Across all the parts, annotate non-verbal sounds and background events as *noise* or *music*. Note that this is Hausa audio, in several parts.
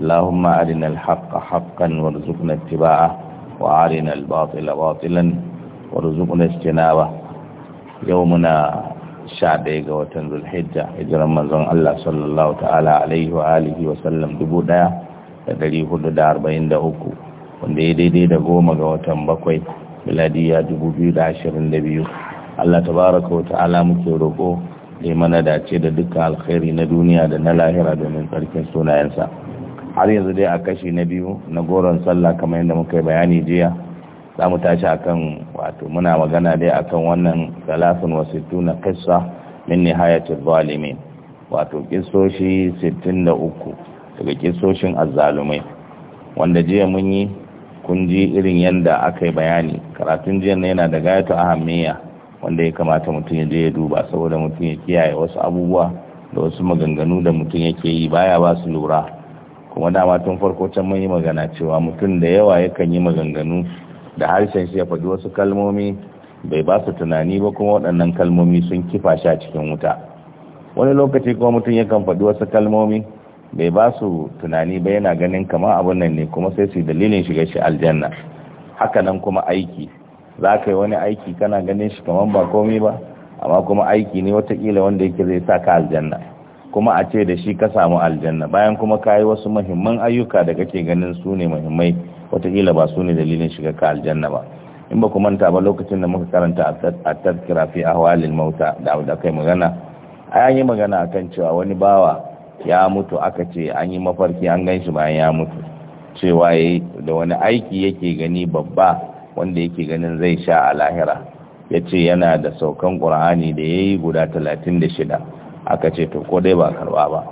اللهم أرنا الحق حقا وارزقنا اتباعه وأرنا الباطل باطلا وارزقنا اجتنابه يومنا ɗaya ga watan zulhijja hijiran manzon Allah sallallahu ta'ala alaihi wa alihi wa sallam dubu ɗaya da ɗari hudu da arba'in da uku ya daidai da goma ga watan bakwai miladiya dubu da biyu Allah tabaraka wa ta'ala muke roƙo da mana dace da dukkan alkhairi na duniya da na lahira domin tsarkin sunayensa har yanzu dai a kashi na biyu na goron sallah kamar yadda muka yi bayani jiya za mu tashi akan wato muna magana dai akan wannan salafin wa sittuna qissa min nihayatil zalimin wato kisoshi 63 daga kisoshin azzalumai wanda jiya mun yi kun ji irin yadda aka yi bayani karatun jiya na yana da a ahammiya wanda ya kamata mutum ya je ya duba saboda mutum ya kiyaye wasu abubuwa da wasu maganganu da mutum yake yi baya ba su lura kuma dama tun farko can mun yi magana cewa mutum da yawa yakan yi maganganu da harshen shi ya faɗi wasu kalmomi bai ba su tunani ba kuma waɗannan kalmomi sun kifa shi a cikin wuta wani lokaci kuma mutum yakan faɗi wasu kalmomi bai ba su tunani ba yana ganin kama abun nan ne kuma sai su dalilin shiga shi aljanna haka nan kuma aiki za ka yi wani aiki kana ganin shi kamar ba komi ba amma kuma aiki ne watakila wanda yake zai sa ka aljanna kuma a ce da shi ka samu aljanna bayan kuma ka yi wasu mahimman ayyuka da kake ganin su ne mahimmai wataƙila ba su ne dalilin shiga ka aljanna ba in ba ku manta ba lokacin da muka karanta a tattara fi ahwalil mauta da abu da kai magana an yi magana a kan cewa wani bawa ya mutu aka ce an yi mafarki an gan shi bayan ya mutu cewa yi da wani aiki yake gani babba wanda yake ganin zai sha a lahira ya ce yana da saukan ƙur'ani da ya yi guda talatin da shida aka ce to ko dai ba karba ba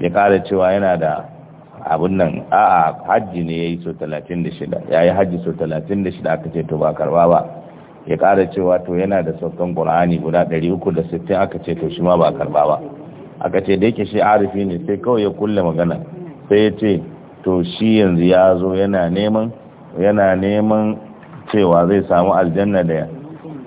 ya kara cewa yana da abin nan a'a hajji ne ya yi so 36 ya yi hajji so 36 aka ce to ba karba ba ya kara cewa to yana da saukan ƙur'ani guda 360 aka ce to shi ma ba karba ba aka ce da yake shi arifi ne sai kawai ya kulle magana sai ya ce to shi yanzu ya zo yana neman yana neman cewa zai samu aljanna da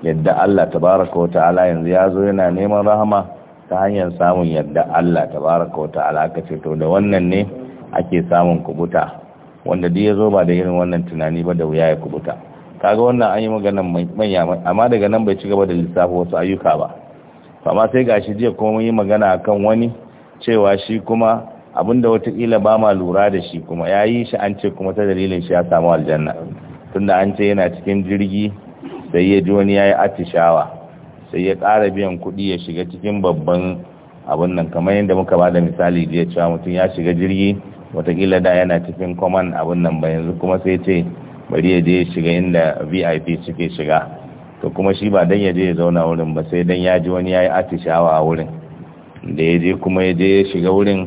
yadda Allah tabaraka wa ta'ala yanzu ya zo yana neman rahama ta hanyar samun yadda Allah ta baraka wata al'aka ce to da wannan ne ake samun kubuta wanda duk ya zo ba da irin wannan tunani ba da wuya ya kubuta kaga wannan an yi maganan manya amma daga nan bai ci gaba da lissafi wasu ayyuka ba amma sai gashi jiya kuma mun yi magana akan wani cewa shi kuma abinda watakila ba ma lura da shi kuma ya yi shi an ce kuma ta dalilin shi ya samu aljanna tunda an ce yana cikin jirgi sai ya ji wani ya yi atishawa sai ya kara biyan kuɗi ya shiga cikin babban abin nan kamar yadda muka ba da misali ya cewa mutum ya shiga jirgi watakila da yana cikin kwaman abin nan ba yanzu kuma sai ce bari ya je shiga inda vip suke shiga to kuma shi ba dan ya je ya zauna wurin ba sai dan ya ji wani ya yi atishawa a wurin da ya je kuma ya je ya shiga wurin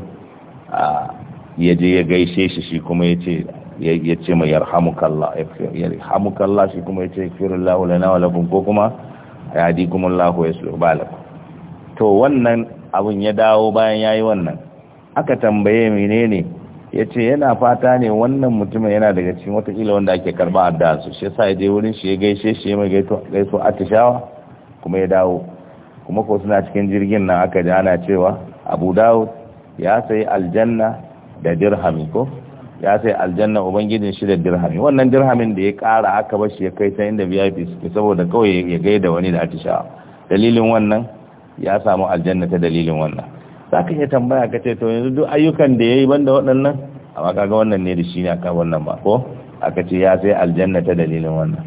a ya je ya gaishe shi shi kuma ya ce ya ce mai yarhamukallah yarhamukallah shi kuma ya ce firullahu lana wa lakum ko kuma yadi yahdikumullahu ya yuslihu balakum to wannan abun ya dawo bayan yayi wannan aka tambaye menene yace yana fata ne wannan mutumin yana daga cikin watakila wanda ake karba addu'a su shi yasa ya je wurin shi ya gaishe shi ya mai gaito atishawa kuma ya dawo kuma ko suna cikin jirgin nan aka ji ana cewa Abu Dawud ya sayi aljanna da dirhami ko ya sai aljanna ubangijin shi da dirhami wannan dirhamin da ya kara aka bashi ya kai ta inda VIP suke saboda kawai ya gaida wani da atishawa dalilin wannan ya samu aljanna ta dalilin wannan zaka iya tambaya ka ce to yanzu duk ayyukan da yayi banda waɗannan amma kaga wannan ne da shi ne aka wannan ba ko aka ce ya sai aljanna ta dalilin wannan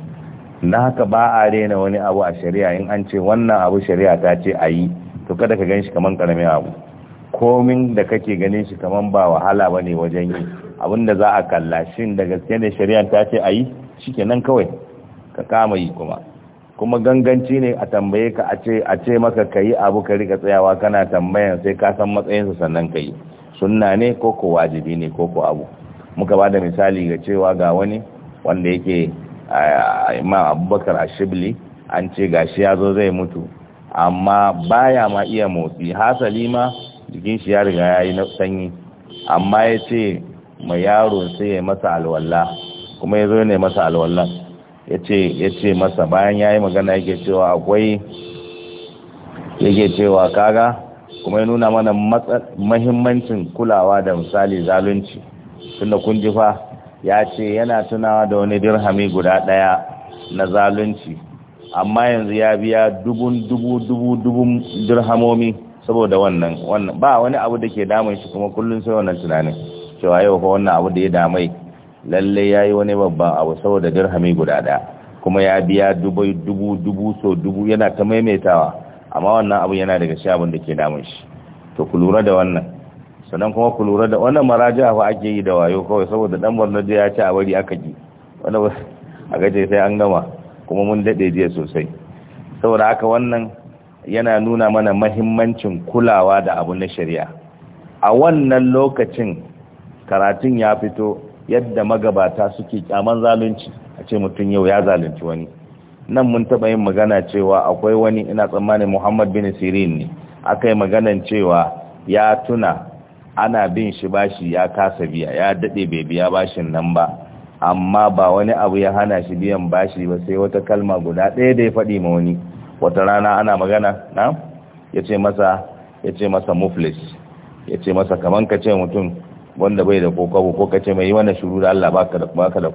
na haka ba a rena wani abu a shari'a in an ce wannan abu shari'a ta ce a yi to kada ka gan shi kaman karamin abu komin da kake ganin shi kaman ba wahala bane wajen yi da za a kalla shin da gaske ne shari'a ta ce a yi shikenan kawai ka kama yi kuma kuma ganganci ne a tambaye ka a ce maka ka yi abu ka rika tsayawa kana tambayan sai ka san matsayinsa sannan ka yi sunna ne ko ko wajibi ne ko ko abu muka ba da misali ga cewa ga wani wanda yake imam abubakar ashibli an ce gashi ya zo zai mutu amma baya ma iya motsi hasali ma jikin shi ya riga ya yi sanyi amma ya ce ma yaron sai ya masa alwala kuma ya zo ne masa alwala ya ce masa bayan ya yi magana yake cewa akwai yake cewa kaga kuma ya nuna mana mahimmancin kulawa da misali zalunci tunda kun ji fa ya ce yana tunawa da wani dirhami guda daya na zalunci amma yanzu ya biya dubun dubu dubu dubun dirhamomi saboda wannan ba wani abu da ke damun shi kuma kullum sai wannan tunanin cewa yau fa wannan abu da ya damai lalle yi wani babban abu saboda dirhami guda ɗaya kuma ya biya dubu dubu dubu so dubu yana ta maimaitawa amma wannan abu yana daga shi abin da ke damun shi to ku lura da wannan sannan kuma ku lura da wannan maraja fa ake yi da wayo kawai saboda dan Borno ya ci a bari aka ji wanda a gaje sai an gama kuma mun dade jiya sosai saboda haka wannan yana nuna mana mahimmancin kulawa da abu na shari'a a wannan lokacin karatun ya fito yadda magabata suke kyaman zalunci a ce mutum yau ya zalunci wani nan mun taɓa yin magana cewa akwai wani ina tsammanin muhammad bin sirin ne aka yi maganan cewa ya tuna ana bin shi bashi ya kasa biya ya daɗe bai biya bashin nan ba amma ba wani abu ya hana shi biyan bashi ba sai wata kalma guda ɗaya da ya faɗi ma wani wata rana ana magana na ya ce masa ya ce masa muflis ya ce masa kamar ka ce mutum wanda bai da kokobo ko kace mai wani shuru da Allah baka da baka da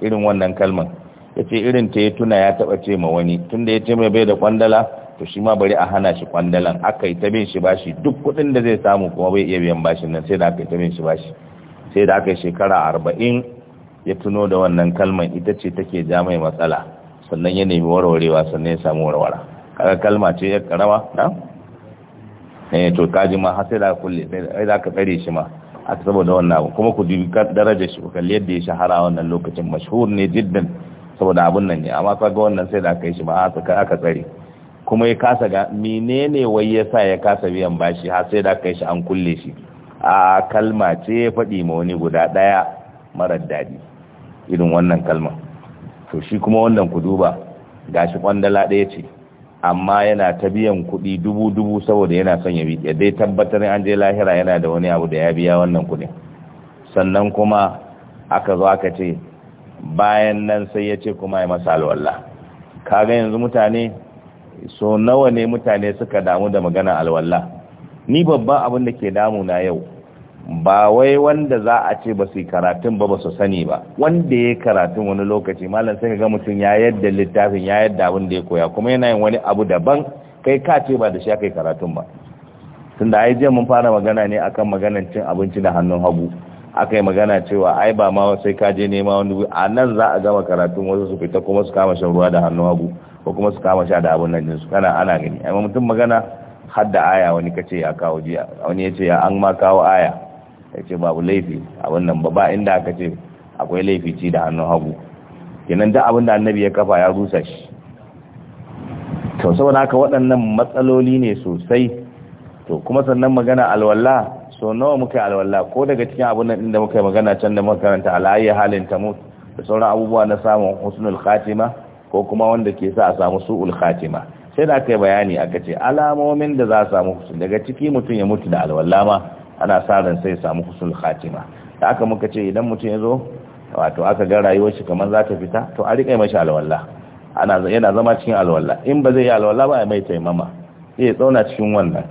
irin wannan kalman yace irin ta ya tuna ya taba ce ma wani tunda ya ce mai bai da kwandala to shi ma bari a hana shi kwandalan aka yi ta bin shi bashi duk kudin da zai samu kuma bai iya biyan bashin nan sai da aka yi ta bin shi bashi sai da aka yi shekara arba'in ya tuno da wannan kalman ita ce take ja mai matsala sannan ya nemi warwarewa sannan ya samu warwara kaga kalma ce ya karama na eh to kaji ma har kulle sai da ka tsare shi ma a saboda wannan abu kuma ku dubi darajar shi ku kalli yadda ya shahara wannan lokacin mashhur ne jiddan saboda abun nan ne amma kaga wannan sai da aka yi shi ba aka aka tsare kuma ya kasa ga menene wai ya sa ya kasa biyan bashi har sai da aka yi shi an kulle shi a kalma ce ya faɗi ma wani guda ɗaya marar daɗi irin wannan kalma to shi kuma wannan ku duba gashi kwandala ɗaya ce amma yana ta biyan kuɗi dubu dubu saboda yana son ya dai tabbatar an je lahira yana da wani abu da ya biya wannan kuɗi. sannan kuma aka zo aka ce bayan nan sai ya ce kuma ya masa alwala kaga yanzu mutane so nawa ne mutane suka damu da magana alwala ni babban abin da ke damu na yau ba wai wanda za a ce ba su karatun ba ba su sani ba wanda ya karatun wani lokaci malam sai ga mutum ya yadda littafin ya yadda abin da ya koya kuma yana yin wani abu daban kai ka ce ba da shi kai karatun ba tun da jiya mun fara magana ne akan maganan cin abinci da hannun hagu aka yi magana cewa ai ba ma sai ka je nema wani a nan za a gama karatun wasu su fita kuma su kama shan ruwa da hannun hagu ko kuma su kama sha da abin nan jinsu kana ana gani amma mutum magana hadda aya wani kace ya kawo jiya wani ya ce ya an ma kawo aya ya ce babu laifi a wannan ba inda aka ce akwai laifi ci da hannun hagu kenan da abin da annabi ya kafa ya rusa shi to saboda haka waɗannan matsaloli ne sosai to kuma sannan magana alwala so nawa muka alwala ko daga cikin abin nan inda muka yi magana can da muka karanta alayyi halin tamut da sauran abubuwa na samun husnul khatima ko kuma wanda ke sa a samu su'ul khatima sai da aka yi bayani aka ce alamomin da za a samu daga ciki mutum ya mutu da alwala ma ana sa ran sai samu husul khatima da aka muka ce idan mutum ya zo wato aka ga rayuwar shi kamar za ta fita to a riƙe mashi alwala ana yana zama cikin alwala in ba zai yi alwala ba ya mai taimama ya tsauna cikin wannan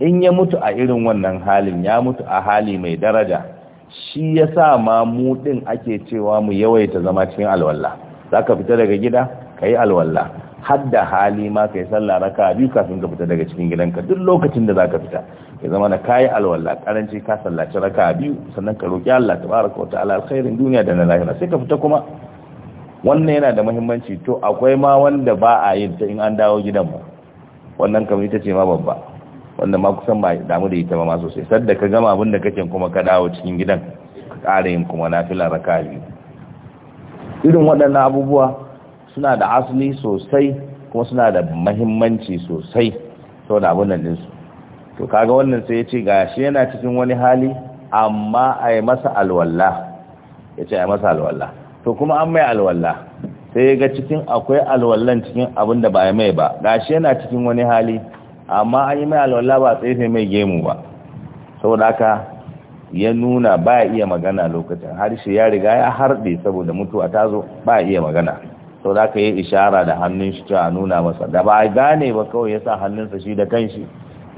in ya mutu a irin wannan halin ya mutu a hali mai daraja shi ya sa ma mu ɗin ake cewa mu yawaita zama cikin alwala za ka fita daga gida ka yi alwala har da hali ma ka yi sallah raka biyu kafin ka fita daga cikin gidanka duk lokacin da za ka fita ya zama da kayi alwala karanci ka sallaci raka biyu sannan ka roki Allah tabaraka ta'ala alkhairin duniya da na lahira sai ka fita kuma wannan yana da muhimmanci to akwai ma wanda ba a yin ta in an dawo gidan ba wannan kamar ita ce ma babba wanda ma kusan ba damu da ita ba ma sosai sadda ka gama abin da kake kuma ka dawo cikin gidan ka ƙara yin kuma nafila raka biyu irin waɗannan abubuwa suna da asali sosai kuma suna da mahimmanci sosai saboda abin nan ɗinsu to kaga wannan sai ya ce gashi yana cikin wani hali amma a yi masa alwalla ya ce a yi masa alwalla to kuma an mai alwalla sai ya ga cikin akwai alwallan cikin abin da ba ya mai ba gashi yana cikin wani hali amma an yi mai alwalla ba sai sai mai gemu ba saboda haka ya nuna ba ya iya magana lokacin har harshe ya riga ya harɗe saboda mutuwa ta zo ba ya iya magana sau da aka yi ishara da hannun shi cewa nuna masa da ba a gane ba kawai ya sa hannunsa shi da kanshi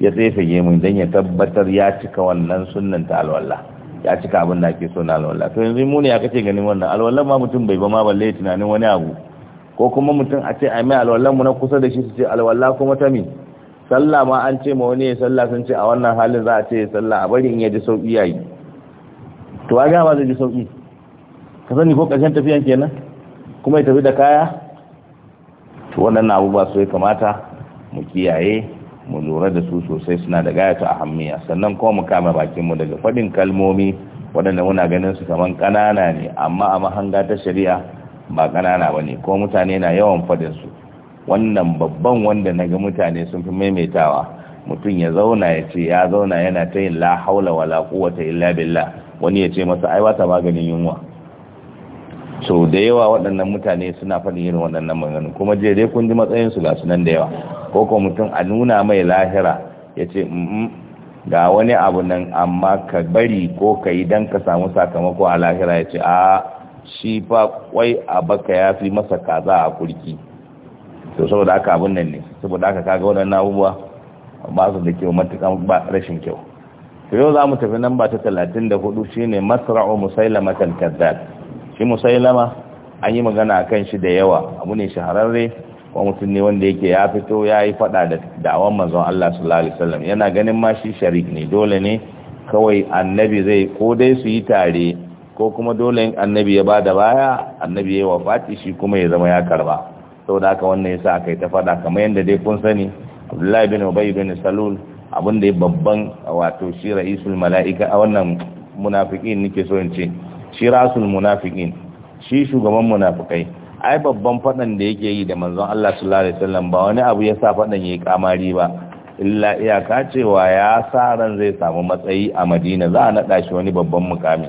ya tsefege mu dan ya tabbatar ya cika wannan sunan ta alwala ya cika abin da ake so na alwala to yanzu mu ne aka ce ganin wannan alwala ma mutum bai ba ma balle tunanin wani abu ko kuma mutum a ce a mai alwala mu na kusa da shi su ce alwala kuma ta mi sallah ma an ce ma wani ya sallah sun ce a wannan halin za a ce sallah a bari in ya ji sauki yayi to a ba zai ji sauki ka sani ko ƙarshen tafiyan kenan kuma ya tafi da kaya to wannan ba su ya kamata mu kiyaye mu lura da su sosai suna da gayatu hammiya sannan kuma mu kama bakin daga fadin kalmomi waɗanda muna ganin su kamar ƙanana ne amma a mahanga ta shari'a ba kanana ba ne ko mutane na yawan fadin su wannan babban wanda na ga mutane sun fi maimaitawa mutum ya zauna ya ce ya zauna yana ta yin la haula wala quwwata illa billah wani ya ce masa ai wata maganin yunwa so da yawa waɗannan mutane suna faɗin irin waɗannan maganganu kuma je dai kun ji matsayin matsayinsu ga sunan da yawa ko ko mutum a nuna mai lahira ya ce ga wani abu nan amma ka bari ko ka yi don ka samu sakamako a lahira ya ce a shi fa kwai a baka ya fi masa kaza a kurki to saboda haka abun nan ne saboda haka kaga waɗannan abubuwa ba su da kyau matukan ba rashin kyau to yau za mu tafi nan ba ta talatin da hudu shine masra'u musailamatal kazzab shi musailama an yi magana a kan shi da yawa abu ne shahararre wa mutum ne wanda yake ya fito ya yi fada da da'awan manzon Allah sallallahu alaihi wasallam yana ganin ma shi sharik ne dole ne kawai annabi zai ko dai su yi tare ko kuma dole annabi ya bada baya annabi ya wafati shi kuma ya zama ya karba saboda haka wannan yasa aka ta fada kamar yadda dai kun sani Abdullahi bin Ubay bin Salul abin da babban wato shi ra'isul mala'ika a wannan munafiqin nake so in ce shi rasul munafiqin shi shugaban munafikai ai babban fadan da yake yi da manzon Allah sallallahu alaihi wasallam ba wani abu ya sa fadan yayi kamari ba illa iyaka cewa ya sa ran zai samu matsayi a Madina za a nada shi wani babban mukami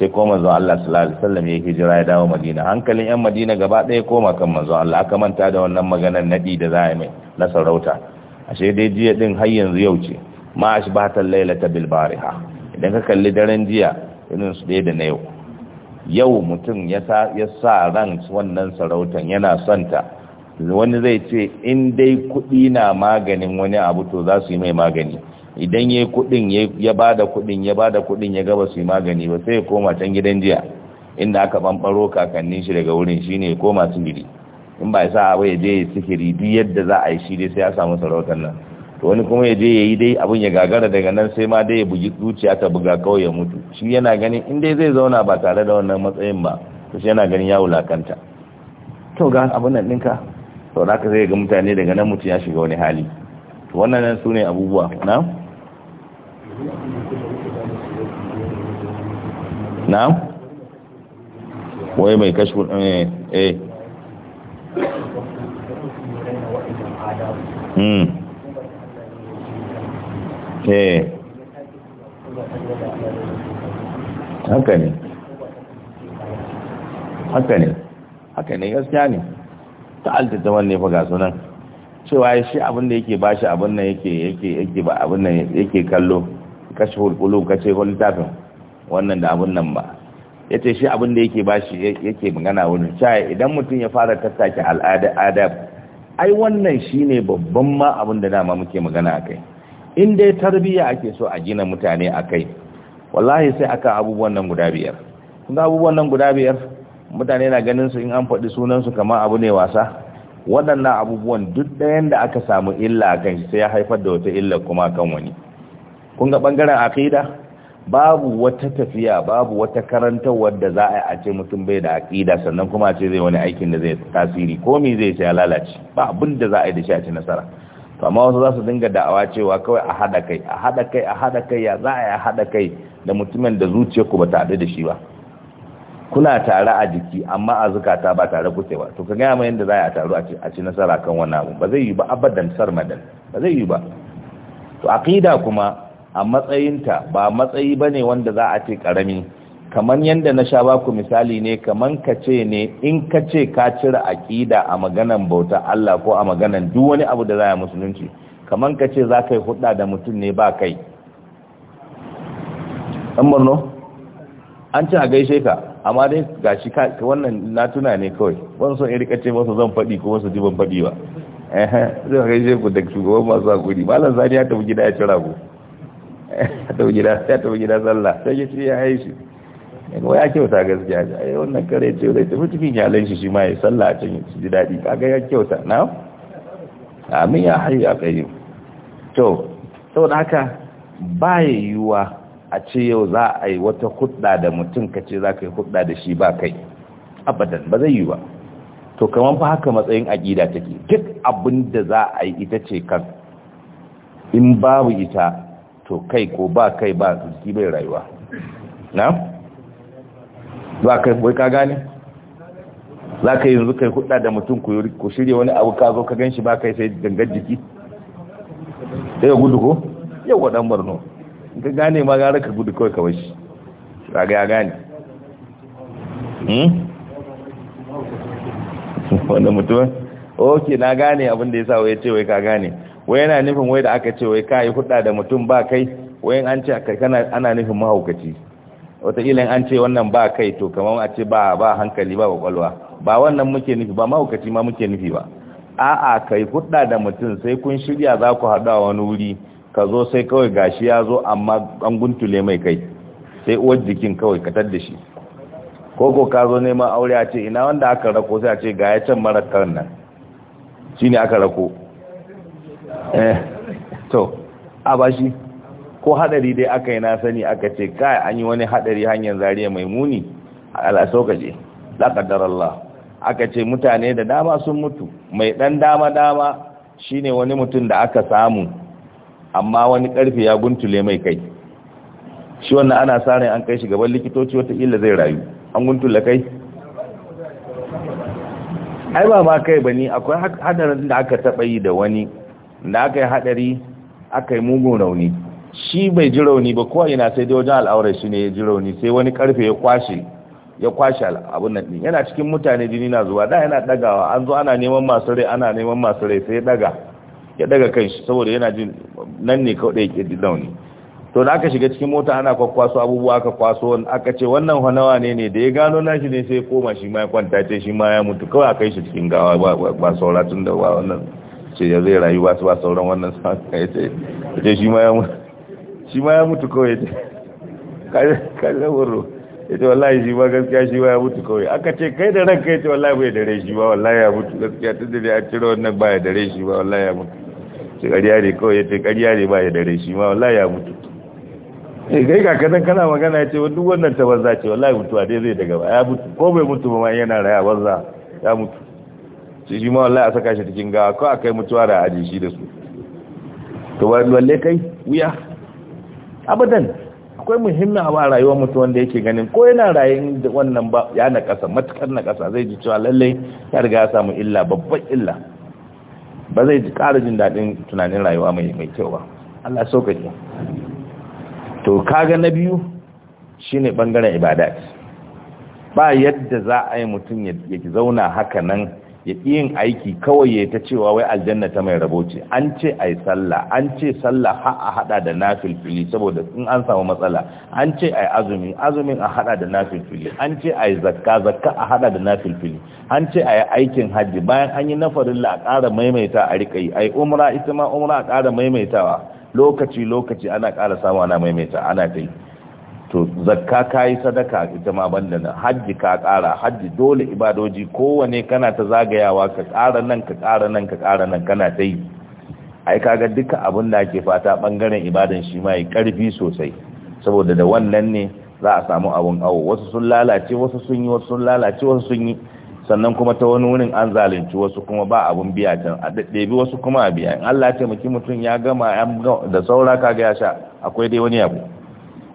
sai ko manzon Allah sallallahu alaihi wasallam ya hijira ya dawo Madina hankalin yan Madina gaba ɗaya koma kan manzon Allah aka manta da wannan maganar nadi da za a mai na sarauta ashe dai jiya din har yanzu yau ce ma lailata bil bariha idan ka kalli daren jiya irin su da na yau yau mutum ya sa ran wannan sarautan yana santa wani zai ce in dai kuɗi na maganin wani abu to za su yi mai magani idan ya kuɗin ya ba da kuɗin ya ba da kuɗin ya gaba su yi magani ba sai ya koma can gidan jiya inda aka ɓanɓaro kakannin shi daga wurin shine ne ya koma sihiri in ba ya sa abu ya je ya sikiri duk yadda za a yi shi dai sai ya samu sarautar nan to wani kuma ya je ya yi dai abin ya gagara daga nan sai ma dai ya bugi zuciya ta buga kawai ya mutu shi yana ganin in dai zai zauna ba tare da wannan matsayin ba to shi yana ganin ya wulakanta to ga abin nan ɗinka sau da aka zai ga mutane daga nan mutu ya shiga wani hali to wannan nan su ne abubuwa na? na? wai mai kashfu eh eh hmm Eh. haka ne haka ne haka ne gaskiya ne ta ta wanne fa ga sunan cewa shi abin da yake bashi abin nan yake yake yake ba abin nan yake kallo kashi hulqulub kace hultafin wannan da abin nan ba yace shi abin da yake bashi yake magana wani cewa idan mutum ya fara tattake al'ada adab ai wannan shine babban ma abin da dama muke magana akai in dai tarbiyya ake so a gina mutane a kai wallahi sai aka abubuwan nan guda biyar kun abubuwan nan guda biyar mutane na ganin su in an faɗi sunansu kamar abu ne wasa waɗannan abubuwan duk ɗayan da aka samu illa a kan sai ya haifar da wata illa kuma kan wani kun ga ɓangaren aƙida babu wata tafiya babu wata karantarwar da za a yi a ce mutum bai da aƙida sannan kuma a ce zai wani aikin da zai tasiri ko me zai ce ya lalace ba abin da za a yi da shi a ci nasara to amma wasu za su dinga da'awa cewa kawai a haɗa kai a haɗa kai a haɗa kai ya za a yi haɗa kai da mutumin da zuciya ku ba ta haɗu da shi ba kuna tare a jiki amma a zukata ba tare kuke ba to ka gaya mai yadda za a taru a ci nasara kan wani abu ba zai yi ba abadan sarmadan ba zai yi ba to aqida kuma a matsayinta ba matsayi bane wanda za a ce karami kamar yadda na sha baku misali ne kamar ka ce ne in ka ce ka cire aƙida a maganan bauta Allah ko a maganan duk wani abu da za a musulunci kamar ka ce za ka yi hudda da mutum ne ba kai ɗan murno an ci a gaishe ka amma dai ga shi wannan na tuna ne kawai wani son irika ce masu zan faɗi ko wasu jiban faɗi ba zai a gaishe ku da shugaban masu hakuri malam zani ya tafi gida ya cira ku *laughs* ya tafi gida sallah sai ya ce ya haishi in ya kyauta gaskiya da ai wannan kare ce zai tafi cikin yalan shi shi ma ya sallah a can ji dadi kaga ya kyauta na amin ya hayyu a kai to saboda haka ba yiwuwa a ce yau za a yi wata hudda da mutum ka ce za ka yi hudda da shi ba kai abadan ba zai yi ba to kamar fa haka matsayin aƙida take duk abin da za a yi ita ce kan in babu ita to kai ko ba kai ba jiki bai rayuwa na? za ka wai ka gane za ka yanzu kai hudda da mutum ku shirya wani abu ka zo ka gan shi ba kai sai dangar jiki sai ya gudu ko yau waɗan barno ka gane ma gara ka gudu kawai kawai shi ga ya gane hmm? *laughs* wanda mutum ok na gane abin da ya sa wai ce wai ka gane wai yana nufin wai da aka ce wai ka yi hudda da mutum ba kai wai an ce ana nufin mahaukaci wataƙila an ce wannan ba kai to kamar a ce ba ba hankali ba kwakwalwa ba wannan muke nufi ba mahaukaci ma muke nufi ba a'a kai hudda da mutum sai kun shirya za ku a wani wuri ka zo sai kawai gashi ya zo amma an guntule mai kai sai uwar jikin kawai ka da shi ko ka zo neman aure a ce ina wanda aka rako sai a ce ga ya can marar karin nan shi ne aka rako eh to a ba ko hadari dai aka yi na sani aka ce kai an yi wani hadari hanyar zariya mai muni alasaukaje laƙaddar Allah aka ce mutane da dama sun mutu mai ɗan dama-dama shine wani mutum da aka samu amma wani ƙarfe ya guntule mai kai shi wannan ana sa an kai shi gaban likitoci wataƙila zai rayu an guntule kai ai ba ma kai bane akwai hadarin da aka taɓa yi da wani da aka yi hadari aka yi mugun rauni shi bai ji rauni ba ko ina sai dai wajen al'aurar shi ne ya ji rauni sai wani karfe ya kwashe ya kwashe abun nan din yana cikin mutane jini na zuwa da yana dagawa an zo ana neman masu rai ana neman masu rai sai ya daga ya daga kanshi saboda yana jin nan ne kawai da yake rauni to da aka shiga cikin mota ana kwakwaso abubuwa aka kwaso aka ce wannan hanawa ne ne da ya gano nashi ne sai koma shi ma ya kwanta ce shi ma ya mutu kawai a kai shi cikin gawa ba saura tun da ba wannan ce ya zai rayu ba su ba sauran wannan sa ya ce shi ma ya mutu shi ma ya mutu kawai kalle wuro ya ce wallahi shi ma gaskiya shi ma ya mutu kawai aka ce kai da ranka ya ce wallahi bai dare shi ba wallahi ya mutu gaskiya tun da dai cire wannan ba ya dare shi ba wallahi ya mutu ce ƙarya ne kawai ya ce ƙarya ne ba ya dare shi ma wallahi ya mutu eh kai ka kadan kana magana ya ce duk wannan ta banza ce wallahi a dai zai daga ba ya mutu ko bai mutu ba ma yana raya banza ya mutu shi shi ma wallahi a saka shi cikin gawa ko akai mutuwa da aji shi da su to wallahi kai wuya abadan akwai muhimmin abu a rayuwar mutum wanda yake ganin ko yana rayuwar wannan ba ya na ƙasa matukar na ƙasa zai ji cewa lallai ya riga ya samu illa babban illa ba zai ƙara jin daɗin tunanin rayuwa mai mai kyau ba Allah sauƙaƙe to kaga na biyu shine bangaren ibada ba yadda za a yi mutum ya zauna haka nan ya yin aiki kawai ya ta cewa wai aljanna ta mai rabo ce an ce yi sallah an ce sallah ha a haɗa da nafilfili saboda in an samu matsala an ce ai azumi azumin a haɗa da nafilfili an ce ai zakka zakka a haɗa da nafilfili an ce yi aikin hajji bayan an yi nafarin la a ƙara maimaita a riƙa yi ai umra ita ma umra a ƙara maimaitawa lokaci lokaci ana ƙara samu ana maimaita ana ta yi to zakka ka yi sadaka ita ma banda na hajji ka kara hajji dole ibadoji kowane kana ta zagayawa ka ƙara nan ka ƙara nan ka ƙara nan kana ta yi ai kaga duka abin da ake fata bangaren ibadan shi ma yi ƙarfi sosai saboda da wannan ne za a samu abun awo wasu sun lalace wasu sun yi wasu sun lalace wasu sun yi sannan kuma ta wani wurin an zalunci wasu kuma ba abun biya can a ɗaɗɗebi wasu kuma a biya in Allah ce mutum ya gama da saura kaga ya sha akwai dai wani abu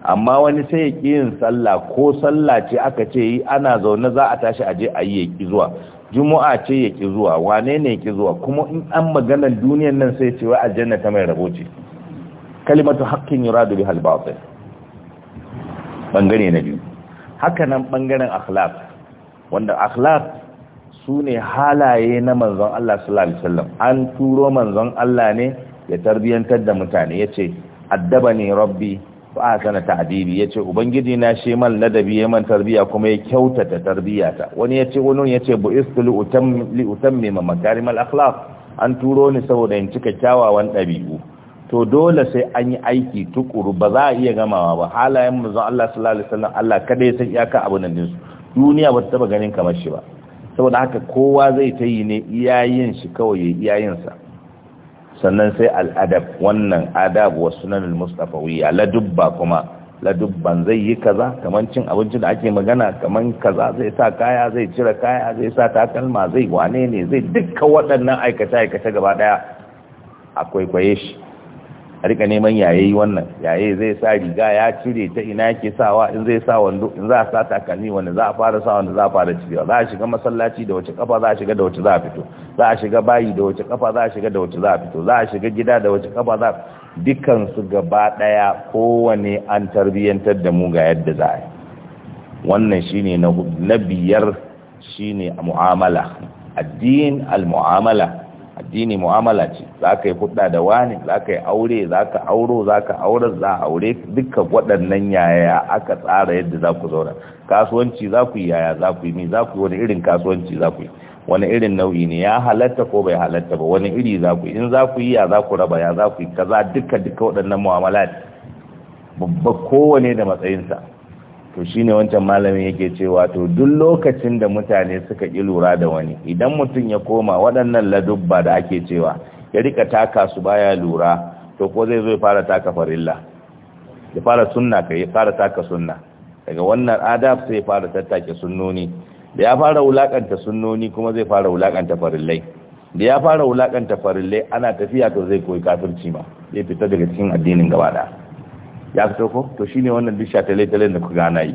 amma wani sai ya ƙi yin sallah ko sallah ce aka ce yi ana zaune za a tashi aje a yi ya ƙi zuwa juma'a ce ya ƙi zuwa wane ne ya ƙi zuwa kuma in an maganar duniyan nan sai cewa a aljanna ta mai rabo ce kalimatu haƙƙin yura da bihal batil bangare na biyu haka nan bangaren akhlaq wanda akhlaq su ne halaye na manzon Allah sallallahu alaihi wasallam an turo manzon Allah ne ya tarbiyantar da mutane ya yace addabani rabbi fa sana ta'dibi yace ubangiji na shi man ladabi ya man tarbiya kuma ya kyautata tarbiyata wani yace wani yace bu istulu utam li utammima makarimal akhlaq an turo ni saboda in cika kyawawan dabi'u to dole sai an yi aiki tukuru ba za a iya gamawa ba halayen manzon Allah sallallahu alaihi wasallam Allah kada ya san iyaka abun nan dinsu duniya ba ta taba ganin kamar shi ba saboda haka kowa zai tayi ne iyayen shi kawai iyayen sa sannan sai al'adab wannan adab wa sunan al la ladubba kuma ladubban zai yi kaza kaman cin abinci da ake magana kaman kaza zai sa kaya zai cire kaya zai sa takalma zai wane ne zai dukkan waɗannan aikace aikace gaba daya akwai kwaye shi a rika neman yi wannan yaye zai sa riga ya cire ta ina yake sawa in zai sa wando in za a sa takalmi wanda za a fara sa wanda za a fara cirewa za a shiga masallaci da wace kafa za a shiga da wace za a fito za a shiga bayi da wace kafa za a shiga da wace za a fito za a shiga gida da wace kafa za dukkan su gaba daya kowane an tarbiyantar da mu ga yadda za a yi wannan shine na biyar shine mu'amala addin al mu'amala addini mu'amala ce za ka yi hudda da wani za ka yi aure za ka auro za ka auren za a aure dukkan waɗannan yaya aka tsara yadda za ku zauna kasuwanci za ku yi yaya za ku yi mi za ku yi wani irin kasuwanci za ku yi wani irin nau'i ne ya halatta ko bai halatta ba wani iri za ku yi in za ku yi ya za ku raba ya za ku yi kaza duka duka waɗannan mu'amala babba kowane da matsayinsa to shi ne wancan malamin yake cewa to duk lokacin da mutane suka ƙi lura da wani idan mutum ya koma waɗannan ladubba da ake cewa ya rika taka su baya lura to ko zai zo ya fara taka farilla ya fara sunna ka ya fara taka sunna daga wannan adab sai ya fara tattake sunnoni da ya fara wulakanta sunnoni kuma zai fara wulakanta farillai da ya fara wulakanta farillai ana tafiya to zai koyi kafirci ma zai fita daga cikin addinin gaba ɗaya ya fito ko to shine wannan duk ta talen da ku gana yi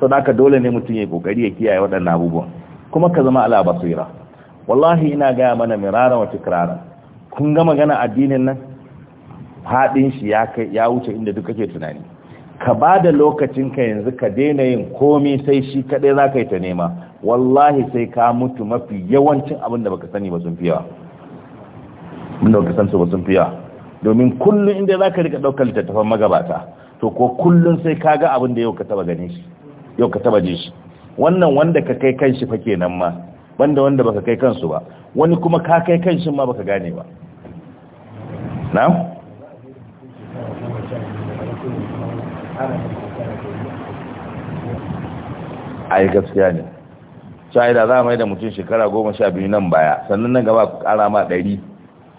sau da dole ne mutum ya kokari ya kiyaye waɗannan abubuwan kuma ka zama ala basira wallahi ina gaya mana mirara wa tikrara kun ga magana addinin nan fadin shi ya kai ya wuce inda duk kake tunani ka ba da lokacin ka yanzu ka daina yin komai sai shi kadai zaka yi ta nema wallahi sai ka mutu mafi yawancin abin da baka sani ba sun fiya mun da baka ba sun fiya domin kullum inda za ka rika ɗaukar littattafan magabata to ko kullum sai ka ga abin da yau ka taba gane shi yau ka taba ji shi wannan wanda ka kai kan shi fa kenan ma banda wanda baka kai kansu ba wani kuma ka kai kan shi ma baka gane ba na? ai gaskiya ne shaida za mai da mutum shekara goma sha biyu nan baya sannan nan gaba ƙara ma ɗari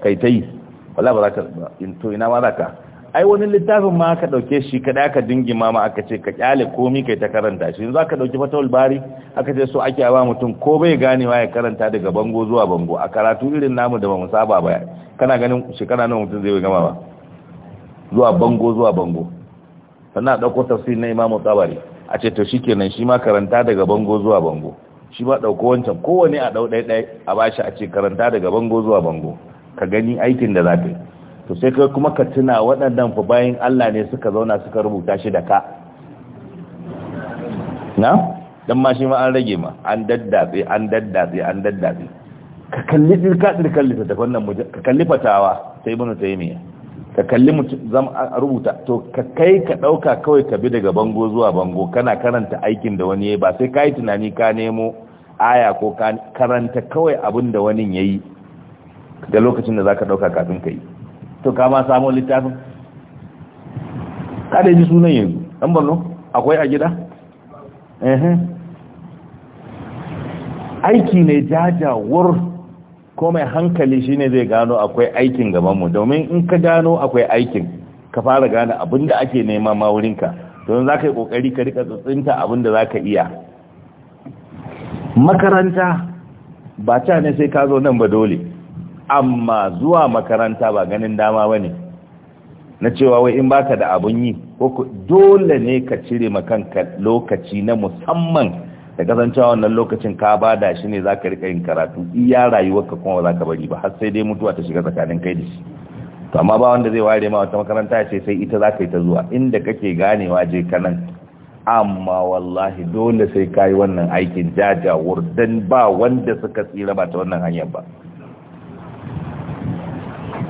kai ta yi wala ba za ka in to ina ma za ka ai wani littafin ma aka dauke shi kada aka dingima ma aka ce ka kyale komi kai ta karanta shi za ka dauki fatawul bari aka ce so ake ba mutum ko bai wa ya karanta daga bango zuwa bango a karatu irin namu da bamu saba ba kana ganin shekara nan mutum zai gama ba zuwa bango zuwa bango sannan a dauko tafsir na imamu tsabari a ce to shikenan shi ma karanta daga bango zuwa bango shi ma dauko wancan kowane a dau dai a bashi a ce karanta daga bango zuwa bango ka gani aikin da za ka yi to sai ka kuma ka tuna waɗannan fa bayan Allah ne suka zauna suka rubuta shi da ka na dan ma shi ma an rage ma an daddatse an daddatse an daddatse ka kalli kalli ta wannan nan ka kalli fatawa sai ibnu taymiya ka kalli zama rubuta to ka kai ka ɗauka kawai ka bi daga bango zuwa bango kana karanta aikin da wani ya ba sai ka yi tunani ka nemo aya ko karanta kawai abin da wani ya yi da lokacin da za ka ɗauka kafin ka yi to ka ma samun littafin ka da ji sunan yanzu ɗan borno akwai a gida aiki ne jajawar ko mai hankali shine zai gano akwai aikin gabanmu domin in ka gano akwai aikin ka fara gane abin da ake nema ma wurinka don za ka yi ƙoƙari ka rika tsintsinta abin da za ka iya makaranta ba ta ne sai ka zo nan ba dole amma zuwa makaranta ba ganin dama ba ne na cewa wai in baka da abun yi dole ne ka cire makanka lokaci na musamman da kasancewa wannan lokacin ka bada shi ne za ka rika yin karatu iya rayuwarka kuma za ka bari ba har sai dai mutuwa ta shiga tsakanin kai da shi to amma ba wanda zai ware ma wata makaranta ce sai ita za ka yi ta zuwa inda kake ganewa je ka nan amma wallahi dole sai kayi wannan aikin jajawur don ba wanda suka tsira ba ta wannan hanyar ba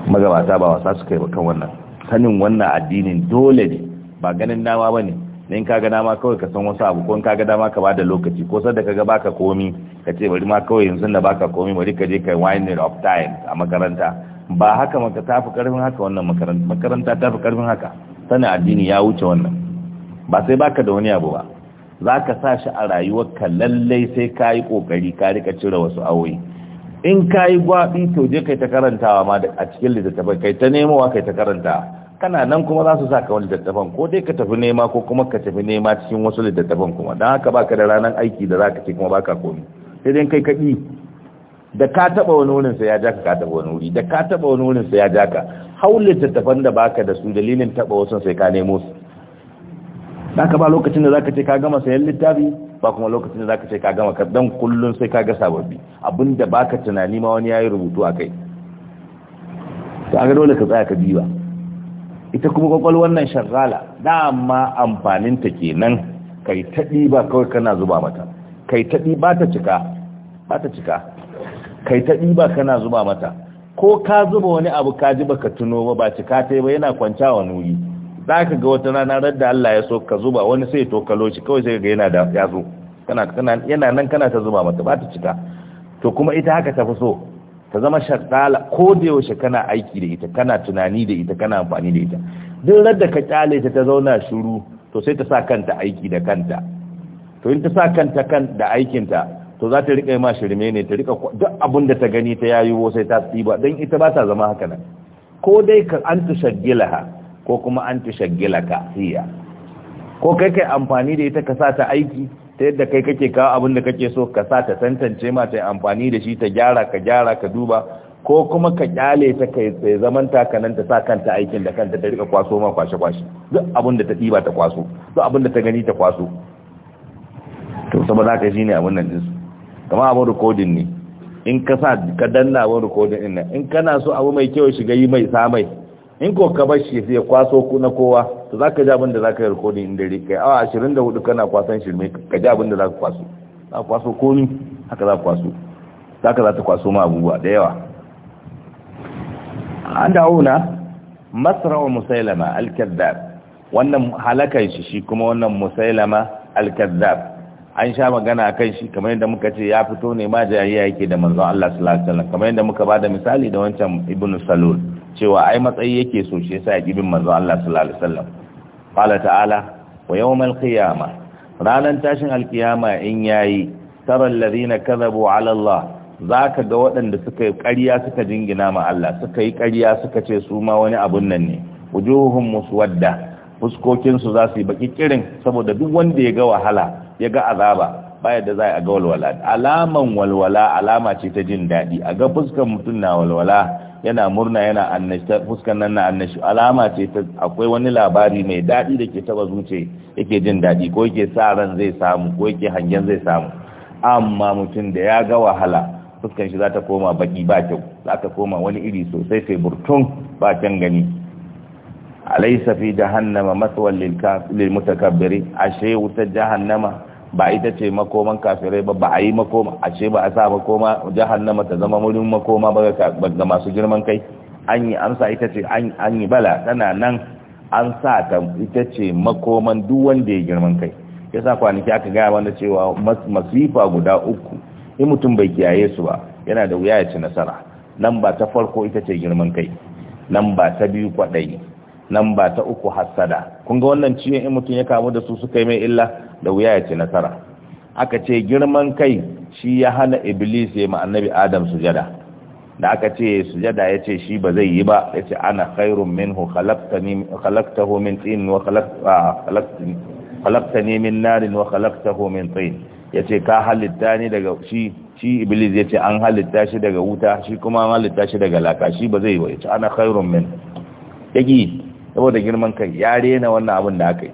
magabata ba wasa suka yi bakan kan wannan sanin wannan addinin dole ne ba ganin dama ba ne in ka ga dama kawai ka san wasu abu ko in ka ga dama ka bada lokaci ko sadda ka ga baka komi ka ce bari ma kawai yanzu da baka komi bari ka je kai winding of time a makaranta ba haka maka tafi karfin haka wannan makaranta makaranta tafi karfin haka sanin addini ya wuce wannan ba sai baka da wani abu ba za ka sa shi a rayuwarka lallai sai ka yi kokari ka rika cire wasu awoyi in ka yi gwaɓi to je kai ta karantawa ma a cikin littattafai kai ta nemowa kai ta karanta kana nan kuma za su sa ka wani littattafan ko dai ka tafi nema ko kuma ka tafi nema cikin wasu littattafan kuma don haka ba ka da ranar aiki da za ka ce kuma ba ka komi sai dai kai kaɗi da ka taɓa wani wurin sai ya jaka ka taɓa wani wuri da ka taɓa wani wurin sai ya jaka hau littattafan da baka da su dalilin taɓa wasu sai ka nemo su ka ba lokacin da za ka ce ka gama sayan littafi ba kuma lokacin da zaka ce ka gama dan kullun sai ka ga sababbi abinda baka tunani ma wani yayi rubutu akai. kai to aga dole ka tsaya ka biwa ita kuma kwakwalwar nan Da dama amfanin ta kenan kai ta ba kawai kana zuba mata kai ta ba ta cika ba ta cika kai ta ba kana zuba mata ko ka zuba wani abu ka ji baka tuno ba ba cika ta ba yana kwanta wa za ka ga wata rana radda Allah ya so ka zuba wani sai to kalo shi kawai sai ga yana da ya zo yana nan kana ta zuba mata ba ta cika to kuma ita haka ta fi so ta zama shaddala ko da yaushe kana aiki da ita kana tunani da ita kana amfani da ita duk radda ka kyale ta ta zauna shiru to sai ta sa kanta aiki da kanta to in ta sa kanta kan da aikinta to za ta rika ma shirme ne ta rika duk abin da ta gani ta yayi sai ta tsiba dan ita ba ta zama haka nan ko dai ka an shagilaha ko kuma an tushaggila ka siya ko kai kai amfani da ita ka sa ta aiki ta yadda kai kake kawo abin da kake so ka sa ta tantance ma ta amfani da shi ta gyara ka gyara ka duba ko kuma ka kyale ta kai sai zaman kanan ta sa kanta aikin da kanta ta rika kwaso ma kwashe kwashe duk abin da ta diba ta kwaso duk abin da ta gani ta kwaso to saboda ka shine abin nan din su kamar abin recording ne in ka sa ka danna abin recording din nan in kana so abu mai kyau shiga yi mai samai. in ko ka bar shi ya kwaso ku na kowa to zaka ji abin da zaka yi rikodi in dare kai awa 24 kana kwasan shirme ka ji abin da zaka kwaso za ka kwaso komi haka za ka kwaso zaka za ta kwaso ma abubuwa da yawa an dauna masra wa musailama al-kazzab wannan halakan shi shi kuma wannan musailama al-kazzab an sha magana a kan shi kamar yadda muka ce ya fito ne ma jayayya yake da manzon Allah sallallahu alaihi wasallam kamar yadda muka bada misali da wancan ibn salul cewa ai matsayi yake so shi yasa yake bin manzon Allah sallallahu alaihi wasallam qala ta'ala wa yawmal qiyamah ranan tashin alkiyama in yayi tara alladhina kadhabu ala Allah zaka ga waɗanda suka yi ƙarya suka jingina ma Allah suka yi ƙarya suka ce su ma wani abun nan ne wujuhum muswadda fuskokin su za su yi baki kirin saboda duk wanda ya ga wahala ya ga azaba ba yadda za a ga walwala alaman walwala alama ce ta jin daɗi a ga fuskan mutum na walwala yana murna yana annashta fuskan nan na annashu alama ce ta akwai wani labari mai daɗi da ke taba zuce yake jin daɗi ko yake sa ran zai samu ko yake hangen zai samu amma mutum da ya ga wahala fuskan shi za ta koma baki ba kyau za ta koma wani iri sosai sai burtun ba can gani alaysa fi jahannama mathwal lil kafir mutakabbirin ashe wuta jahannama ba ita ce makoman kafirai ba ba a yi makoma ashe ba a sa makoma jahannama ta zama murin makoma ba ga masu girman kai an yi amsa ita ce an yi bala tana nan an sa ta ita ce makoman duk wanda ya girman kai yasa kwanaki aka gaya wanda cewa masifa guda uku in mutum bai kiyaye su ba yana da wuya ya ci nasara nan ba ta farko ita ce girman kai nan ba ta biyu kwaɗayi nan ba ta uku hassada kun ga wannan ciwon in mutum ya kamu da su suka yi mai illa da wuya ya ce nasara aka ce girman kai shi ya hana iblis ya ma annabi adam sujada da aka ce sujada ya ce shi ba zai yi ba ya ce ana khairun minhu khalaqtahu min tin wa khalaqtani min narin wa khalaqtahu min tin ya ce ka halitta ni daga shi shi iblis ya ce an halitta shi daga wuta shi kuma an halitta shi daga laka shi ba zai yi ba ya ce ana khairun min yaki saboda girman kai ya rena wannan abin da aka yi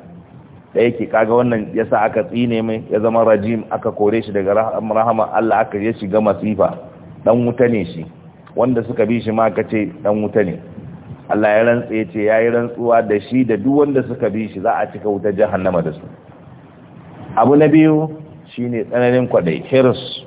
da yake kaga wannan yasa aka tsine mai ya zama rajim aka kore shi daga rahama Allah aka ya shiga masifa dan wuta ne shi wanda suka bi shi ma aka ce dan wuta ne Allah ya rantsa ya ce yayi rantsuwa da shi da duk wanda suka bi shi za a cika wuta jahannama da su abu na biyu shine tsananin kwadai hirs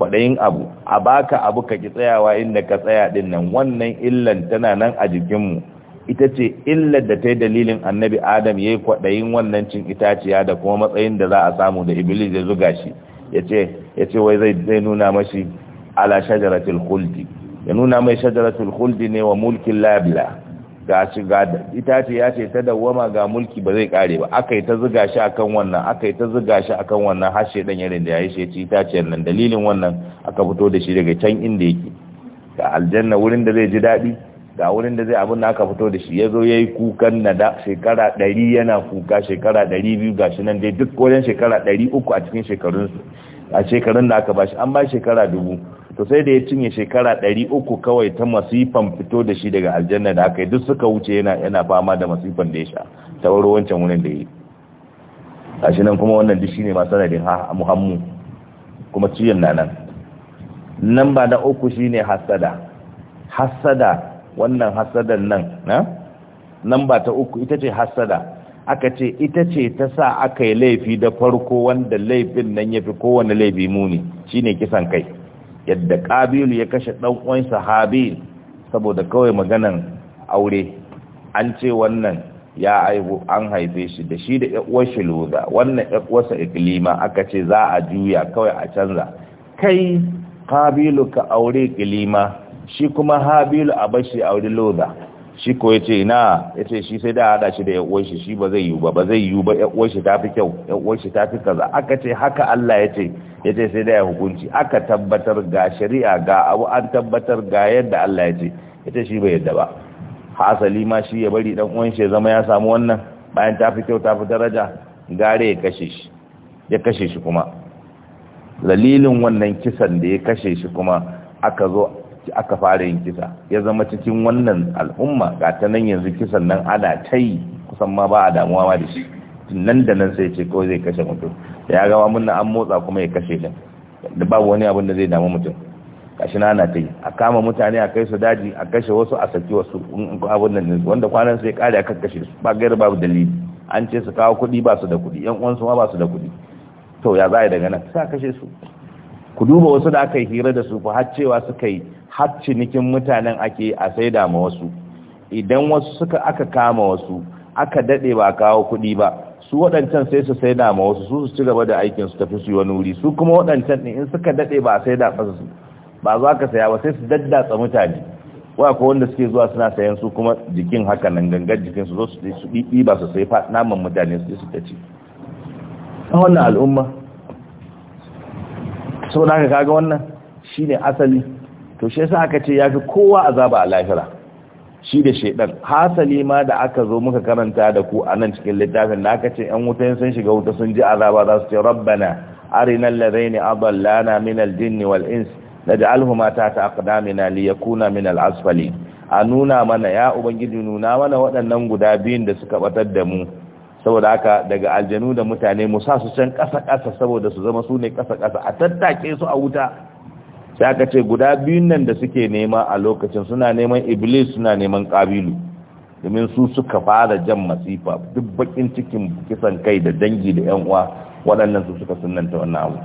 kwadayin abu a baka abu ka ki tsayawa inda ka tsaya din wannan illan tana nan a jikinmu mu ita ce illar da ta yi dalilin annabi adam ya yi kwaɗayin wannan cin itaciya da kuma matsayin da za a samu da iblis ya zuga shi ya ce wai zai nuna mashi ala shajaratul khuldi ya nuna mai shajaratul khuldi ne wa mulkin labila ga shi ga itaciya ce ta dawwama ga mulki ba zai kare ba aka yi ta zuga shi akan wannan aka yi ta zuga shi akan wannan har dan yarin da ya shi ci itaciyar nan dalilin wannan aka fito da shi daga can inda yake ga aljanna wurin da zai ji dadi. ga wurin da zai abin da aka fito da shi ya zo ya yi kukan nada shekara ɗari yana kuka shekara ɗari biyu ga shi nan dai duk wajen shekara ɗari uku a cikin shekarunsu a shekarun da aka ba shi an ba shekara dubu to sai da ya cinye shekara ɗari uku kawai ta masifan fito da shi daga aljanna da aka yi duk suka wuce yana yana fama da masifan da ya sha ta wuri wancan wurin da ya yi shi nan kuma wannan duk shine masu sanadin muhammu kuma ciyon na nan nan ba na uku shine hasada hasada wannan hasadan nan na namba ta uku ita ce hasada aka ce ita ce ta sa aka yi laifi da farko wanda laifin nan ya fi kowane laifi muni shine kisan kai yadda ƙabilu ya kashe ɗan uwansa saboda kawai maganan aure an ce wannan ya aihu an haife shi da shi da ƴaƙuwar loza wannan ƴaƙuwarsa iklima aka ce za a juya kawai a canza kai ƙabilu ka aure iklima shi kuma habilu a bashi a wurin loza shi ko ya ce ina ya ce shi sai da hada shi da yawonshi shi ba zai yi ba ba zai yi ba yawonshi ta fi kyau yawonshi ta fi kaza aka ce haka Allah ya ce ya ce sai da ya hukunci aka tabbatar ga shari'a ga abu an tabbatar ga yadda Allah ya ce ya ce shi bai yadda ba hasali ma shi ya bari dan uwan shi zama ya samu wannan bayan ta fi kyau ta fi daraja gare ya kashe shi ya kashe shi kuma dalilin wannan kisan da ya kashe shi kuma aka zo aka fara yin kisa ya zama cikin wannan al'umma ga ta nan yanzu kisan nan ana ta yi kusan ma ba a damuwa ma da shi nan da nan sai ce ko zai kashe mutum da ya gawa munna an motsa kuma ya kashe nan. da babu wani abin da zai damu mutum kashi na ana ta yi a kama mutane a kai su daji a kashe wasu a saki wasu abin nan wanda kwanan sai kare akan kashe su ba gaira babu dalili an ce su kawo kuɗi ba su da kuɗi yan uwansu ma ba su da kuɗi to ya za a yi daga nan sa kashe su ku duba wasu da aka yi hira da su fa har cewa suka yi har cinikin mutanen ake a saida ma wasu idan wasu suka aka kama wasu aka dade ba kawo kuɗi ba su waɗancan sai su saida ma wasu su su ci gaba da aikin su tafi su yi wani wuri su kuma waɗancan ɗin in suka dade ba a saida ba su ba za ka saya ba sai su daddatsa mutane wa ko wanda suke zuwa suna sayan su kuma jikin haka nan gangar jikin su zo su su ba su sai fa naman mutane su su ta a wannan al'umma so na ka kaga wannan shine asali to shi yasa aka ce ya fi kowa azaba a lahira shi da shedan hasali ma da aka zo muka karanta da ku a nan cikin littafin da aka ce yan wuta sun shiga wuta sun ji azaba za su ce rabbana arina alladaini adallana min aljinn wal ins naj'alhuma tahta aqdamina liyakuna min al'asfali a nuna mana ya ubangiji nuna mana waɗannan guda biyun da suka batar da mu saboda haka daga aljanu da mutane mu sa su can ƙasa ƙasa saboda su zama su ne ƙasa ƙasa a tattake su a wuta sai aka ce guda biyun nan da suke nema a lokacin suna neman iblis suna neman kabilu domin su suka fara jan masifa duk bakin cikin kisan kai da dangi da yan uwa waɗannan su suka sunanta wannan abu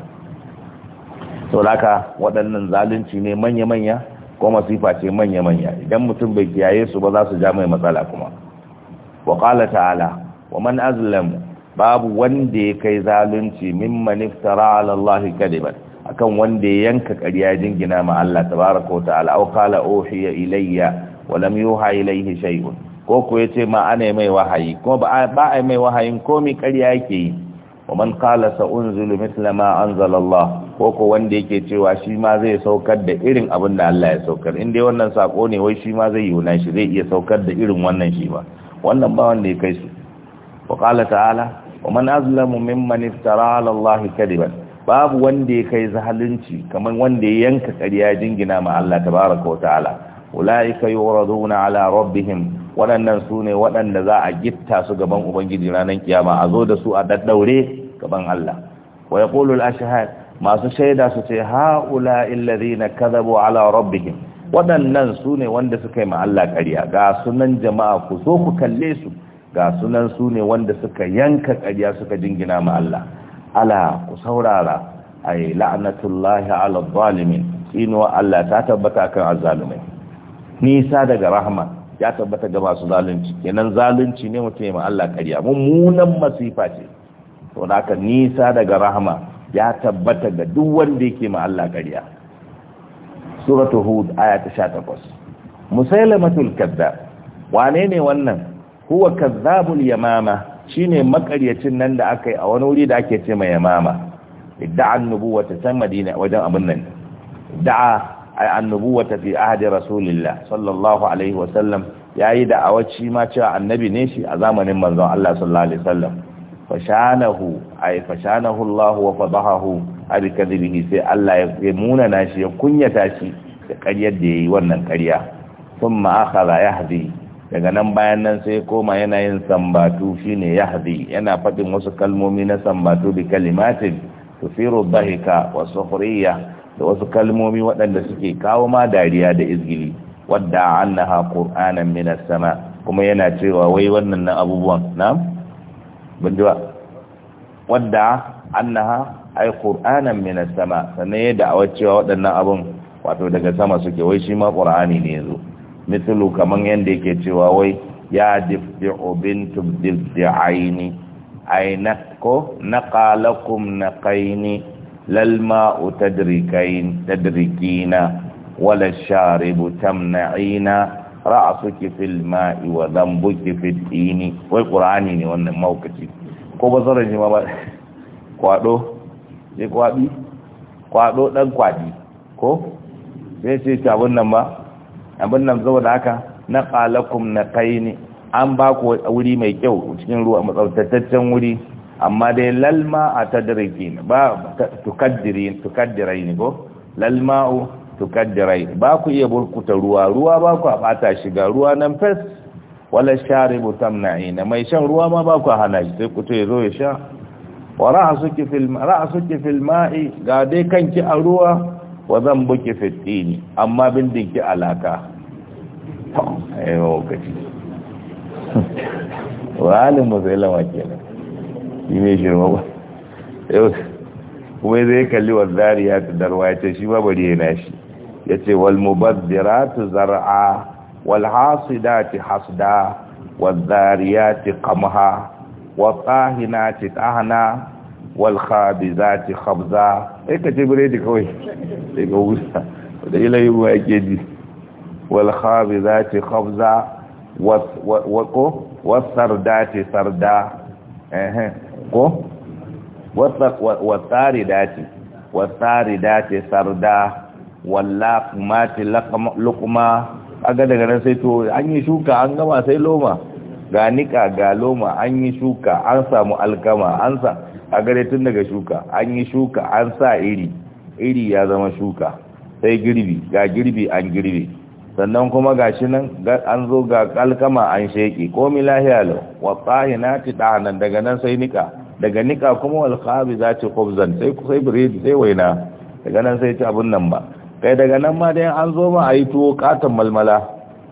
sau haka waɗannan zalunci ne manya-manya ko masifa ce manya-manya idan mutum bai kiyaye su ba za su ja mai matsala kuma wa ƙala ta'ala wa man azlam babu wanda ya kai zalunci mimman iftara ala alallahi kadiban akan wanda ya yanka ƙarya jingina ma Allah tabaraka wa ta'ala aw qala uhiya ilayya wa lam yuha ilayhi shay'un ko ko yace ma ana mai wahayi kuma ba ba ai mai wahayin komai ƙarya yake yi wa man qala sa unzilu mithla ma anzala Allah ko ko wanda yake cewa shi ma zai saukar da irin abin da Allah ya saukar in dai wannan sako ne wai shi ma zai yi wannan shi zai iya saukar da irin wannan shi ba wannan ba wanda ya kai su wa qala ta'ala wa man azlamu mimman iftara ala Allah babu wanda ya kai zahalunci kamar wanda ya yanka ƙarya jingina ma Allah tabaraka wa ta'ala ulaika yuraduna ala rabbihim waɗannan su ne waɗanda za a gitta su gaban ubangiji ranar kiyama a zo da su a daddaure gaban Allah wa yaqulu al-ashhad masu shaida su ce ha haula alladhina kadhabu ala rabbihim waɗannan su ne wanda suka yi ma Allah ƙarya ga sunan jama'a ku zo ku kalle su ga sunan su ne wanda suka yanka ƙarya suka jingina ma Allah ala ku saurara ay la'natullahi ala zalimin tsinuwa Allah ta tabbata kan azzalumai nisa daga rahama ya tabbata ga masu zalunci kenan zalunci ne mutum ya ma Allah ƙarya mummunan masifa ce to haka nisa daga rahama ya tabbata ga duk wanda yake ma Allah ƙarya suratul hud aya ta 18 musailamatul kadda wane ne wannan huwa kadhabul yamama shine makaryacin nan da aka yi a wani wuri da ake ce mai yamama idda'a annubuwata san madina wajen abin nan da'a ay annubuwata fi Ahadi rasulillah sallallahu alaihi wa sallam yayi da'awa shi ma cewa annabi ne shi a zamanin manzon Allah sallallahu alaihi wasallam fashanahu ay fashanahu Allah wa fadahahu abi kadhibihi sai Allah ya munana shi ya kunyata shi da ƙaryar da yayi wannan karya thumma akhadha yahdi daga nan bayan nan sai koma yana yin sambatu shine yahdi yana faɗin wasu kalmomi na sambatu bi kalimatin tufiru dhahika wa sukhriya da wasu kalmomi waɗanda suke kawo ma dariya da izgili wadda annaha qur'anan min sama kuma yana cewa wai wannan na abubuwan na'am bindiwa wadda annaha ai qur'anan min sama sannan ya da'awa cewa waɗannan abun wato daga sama suke wai shi ma qur'ani ne yanzu mitulu kaman yanda yake cewa wai ya difdi'u bintu aini ainat ko na naqaini lal ma'u tadrikain tadrikina wala sharibu tamna'ina ra'suki fil ma'i wa dhanbuki fil dini wai qur'ani ne wannan maukaci ko ba ne ma ba *laughs* kwado sai kwadi kwado dan kwadi ko sai sai tabun nan ba abin nan da haka na qalakum naqaini an ba ku wuri mai kyau cikin ruwa matsabtaccen wuri amma dai lalma a tadirgin ba tukaddirai ne ko lalma'u tukaddirai ba ku iya burkuta ruwa ruwa ba ku bata shiga ruwa nan fes wala sharibu tamna'ina mai shan ruwa ma ba ku hana shi sai ku to yazo ya sha wa ra'asuki fil ma'i ga dai kanki a ruwa wa zan buki fitini amma bindin ki alaka to ayo kaci walin *laughs* musailama kenan shi ne shirma ba kuma zai kalli wa zariya ta darwa ya ce shi ba bari yana shi ya ce wal mubazziratu zar'a wal hasidati hasda wal zariyati qamha wa tahinati tahna wal khabizati khabza e ka ce biredi kawai sai ka wuta da ilayi ruwa yake ji wal khabizati khabza wako wasardati sarda eh ko wasaridati wasaridati sarda wallaqmati luqma aga daga nan sai to an yi shuka an gama sai loma ga nika ga loma an yi shuka an samu alkama an samu a gare tun daga shuka an yi shuka an sa iri iri ya zama shuka sai girbi ga girbi an girbi sannan kuma ga shi nan an zo ga kalkama an sheƙi komi lahiyalo wa na ci daga nan sai nika daga nika kuma alkhabi za ci kubzan sai sai biredi sai waina daga nan sai ci abin nan ba kai daga nan ma dai an zo ma a yi tuwo katon malmala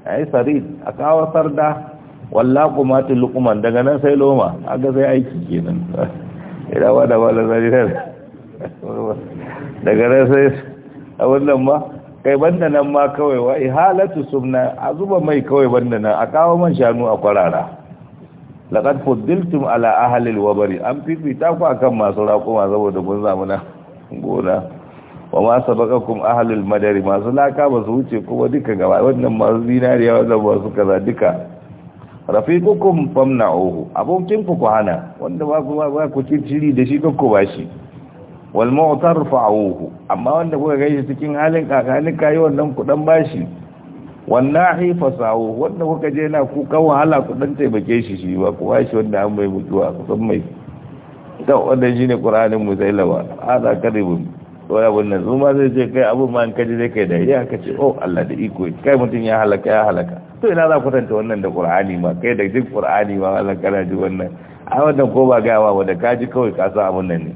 a yi sarid a kawo sarda walla kuma ta lukuman daga nan sai loma aga sai aiki kenan *laughs* ina ba da malar zari daga nan sai a wannan ma kai banda nan ma kawai wa ihalatu sumna a zuba mai kawai banda nan a kawo man shanu a kwarara laqad fuddiltum ala ahli alwabari an fifita ku akan masu raƙuma saboda mun zamu na gona wa ma sabaqakum ahli almadari masu laka ba su wuce kuma duka gaba wannan masu zinariya wannan masu kaza duka rafiqukum famna'uhu abokin ku ku hana wanda ba ku ba ku ciri da shi ku ba shi wal mu'tarfa'uhu amma wanda kuka gaishe cikin halin kakanin kai wannan ku dan bashi wallahi fasahu wanda kuka je na ku kawo wahala ku dan taimake shi shi ba ku bashi wanda an bai mutuwa ku san mai to wannan shine qur'anin musailama hada to ya wannan zuma zai ce kai abun ma an kaje zai kai da ya ce oh Allah da iko kai mutun ya halaka ya halaka to ina za ku wannan da qur'ani ma kai da duk qur'ani ma Allah kana ji wannan a wannan ko ba gawa wanda ka ji kawai ka sa abun nan ne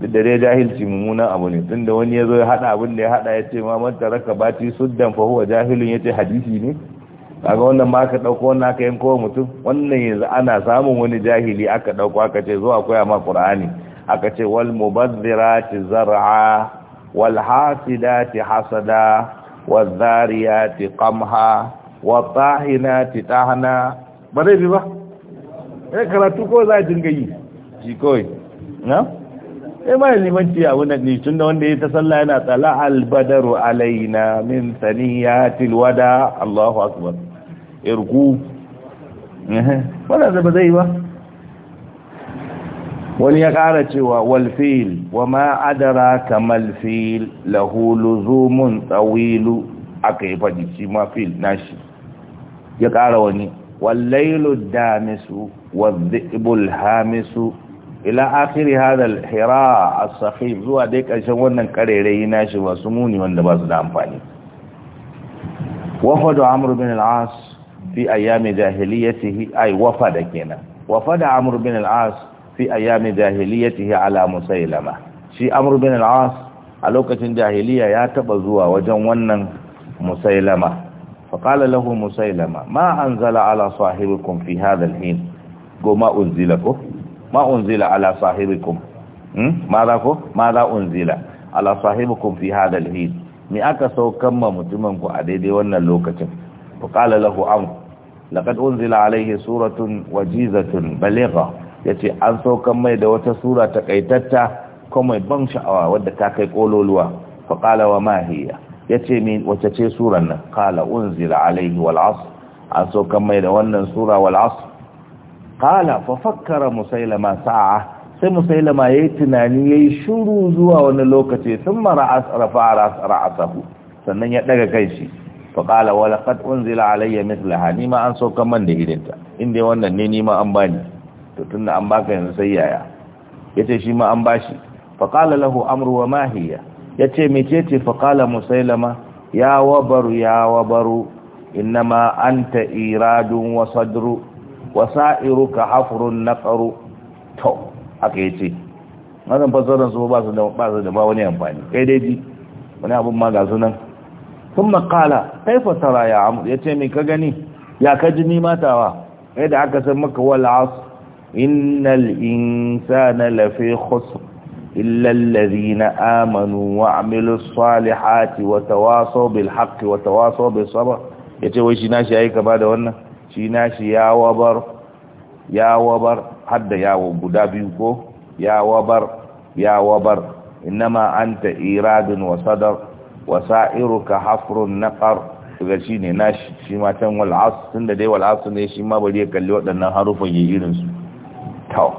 duk da dai jahilci mummunan abu ne tunda wani ya zo ya hada abin da ya hada ya ce ma man taraka bati suddan fa huwa jahilun yace hadisi ne kaga wannan ma ka dauko wannan aka yanko mutum wannan yanzu ana samun wani jahili aka dauko aka ce zuwa koya ma qur'ani aka ce wal mubazzirati zar'a wal hasidati hasada wal zariyati qamha wa tahina ba zai fi ba eh karatu ko za a dinga yi shi kawai na eh ma limanci a wannan ne tunda wanda ya ta sallah yana tsala albadaru alaina min saniyatil wada Allahu akbar irku eh wannan ba zai ba wani ya ƙara cewa walfil wa ma adara kamal fil lahu luzumun tsawilu aka yi faɗi shi ma fil nashi ya ƙara wani wallailu damisu wadhibul hamisu ila akhiri hadha al-hira as zuwa dai ƙarshen wannan karerayi nashi masu muni wanda ba su da amfani wafadu amr bin al-as fi ayyami jahiliyatihi ay wafada kenan wafada amr bin al-as fi ayyami jahiliyatihi ala musailama shi amr bin al-as a lokacin jahiliya ya taba zuwa wajen wannan musailama فقال له مسيلمة ما أنزل على صاحبكم في هذا الحين قو ما أنزلكم ما أنزل على صاحبكم ماذا ماذا أنزل على صاحبكم في هذا الحين me aka saukar ma mutumanku a daidai wannan lokacin faƙala lahu amr laqad unzila alayhi suratun wajizatun yace an saukan mai da wata sura takaitatta kuma mai ban sha'awa wadda ta kai kololuwa faƙala wa ma hiya ya ce min wace ce suran nan kala unzila alaihi wal asr an saukan mai da wannan sura wal kala fa fakkara musailama sa'a sai musailama yayi tunani yayi shuru zuwa wani lokaci sun mara asrafa ra'asahu sannan ya daga kai shi fa kala wa laqad unzila alayya mithlaha ni ma an saukan man da hidinta. inda wannan ne ni ma an bani to tunda an baka yanzu sai yaya yace shi ma an bashi fa kala lahu amru wa ma hiya ya ce fa kala musailama ya wabaru ya wabaru innama anta iradun wa sadru wa sa'iruka hafrun naqaru to aka yace wannan fasaran su ba su da ba su da ba wani amfani kai dai ji wani abin ma ga sunan kuma qala kaifa tara ya amr yace me ka gani ya ka ji ni matawa kai da aka san maka wal asr innal insana lafi khusr إلا الذين آمنوا وعملوا الصالحات وتواصوا بالحق وتواصوا بالصبر يتوي شي ناشي أي كما ده wannan shi nashi ya wabar ya wabar hadda yawo guda biyu ko ya wabar ya wabar inma anta iradun wa sadar wa sa'iruka hafrun daga shi ne na shi ma can wal tun da dai wal ne shi ma bari ya kalli waɗannan harufan yayin irinsu to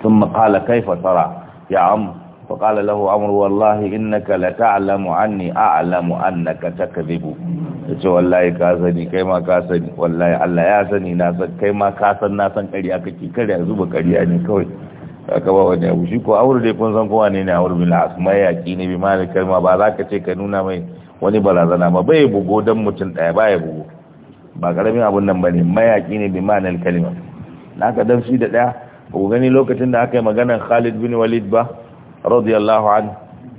ثم قال كيف ترى ya am فقال له عمرو والله انك لتعلم عني اعلم انك تكذب yace wallahi ka sani kai ma ka sani wallahi Allah ya sani na san kai ma ka san na san kariya kake zuba kariya ne kawai aka ba wani abu shi ko aure dai kun san kowa ne ne aure bil asma ya ki ne bi kalma ba za ka ce ka nuna mai wani barazana ba bai bugo dan mutum daya ba ya bugo ba karamin abun nan bane mayaki ne bi malik kalma naka dan shi da daya ku gani lokacin da aka yi maganar Khalid bin Walid ba radiyallahu anhu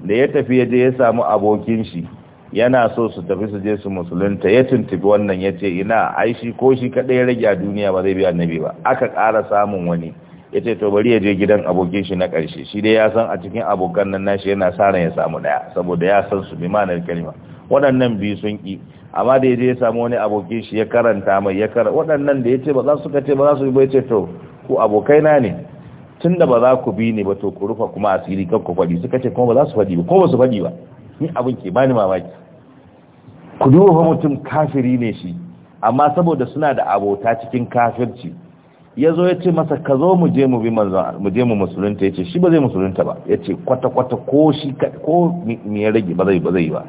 da ya tafi ya je ya samu abokin shi yana so su tafi su je su musulunta ya tuntubi wannan ya ce ina ai shi ko shi kaɗai ya rage a duniya ba zai bi annabi ba aka ƙara samun wani ya ce to bari ya je gidan abokin shi na ƙarshe shi dai ya san a cikin abokan nan nashi yana sa ran ya samu ɗaya saboda ya san su bi manar kalma waɗannan biyu sun ƙi amma da ya je ya samu wani abokin shi ya karanta mai ya karanta waɗannan da ya ce ba za su ka ce ba za su bi ba ya ce to ku na ne tun da ba za ku bi ne ba to ku rufa kuma asiri kan ku faɗi suka ce kuma ba za su faɗi ba ko ba su faɗi ba ni abin ke bani mamaki ku duba fa mutum kafiri ne shi amma saboda suna da abota cikin kafirci ya zo ya ce masa ka zo mu je mu bi manzon mu je mu musulunta ya ce shi ba zai musulunta ba ya ce kwata-kwata ko shi ko me ya rage ba zai ba zai ba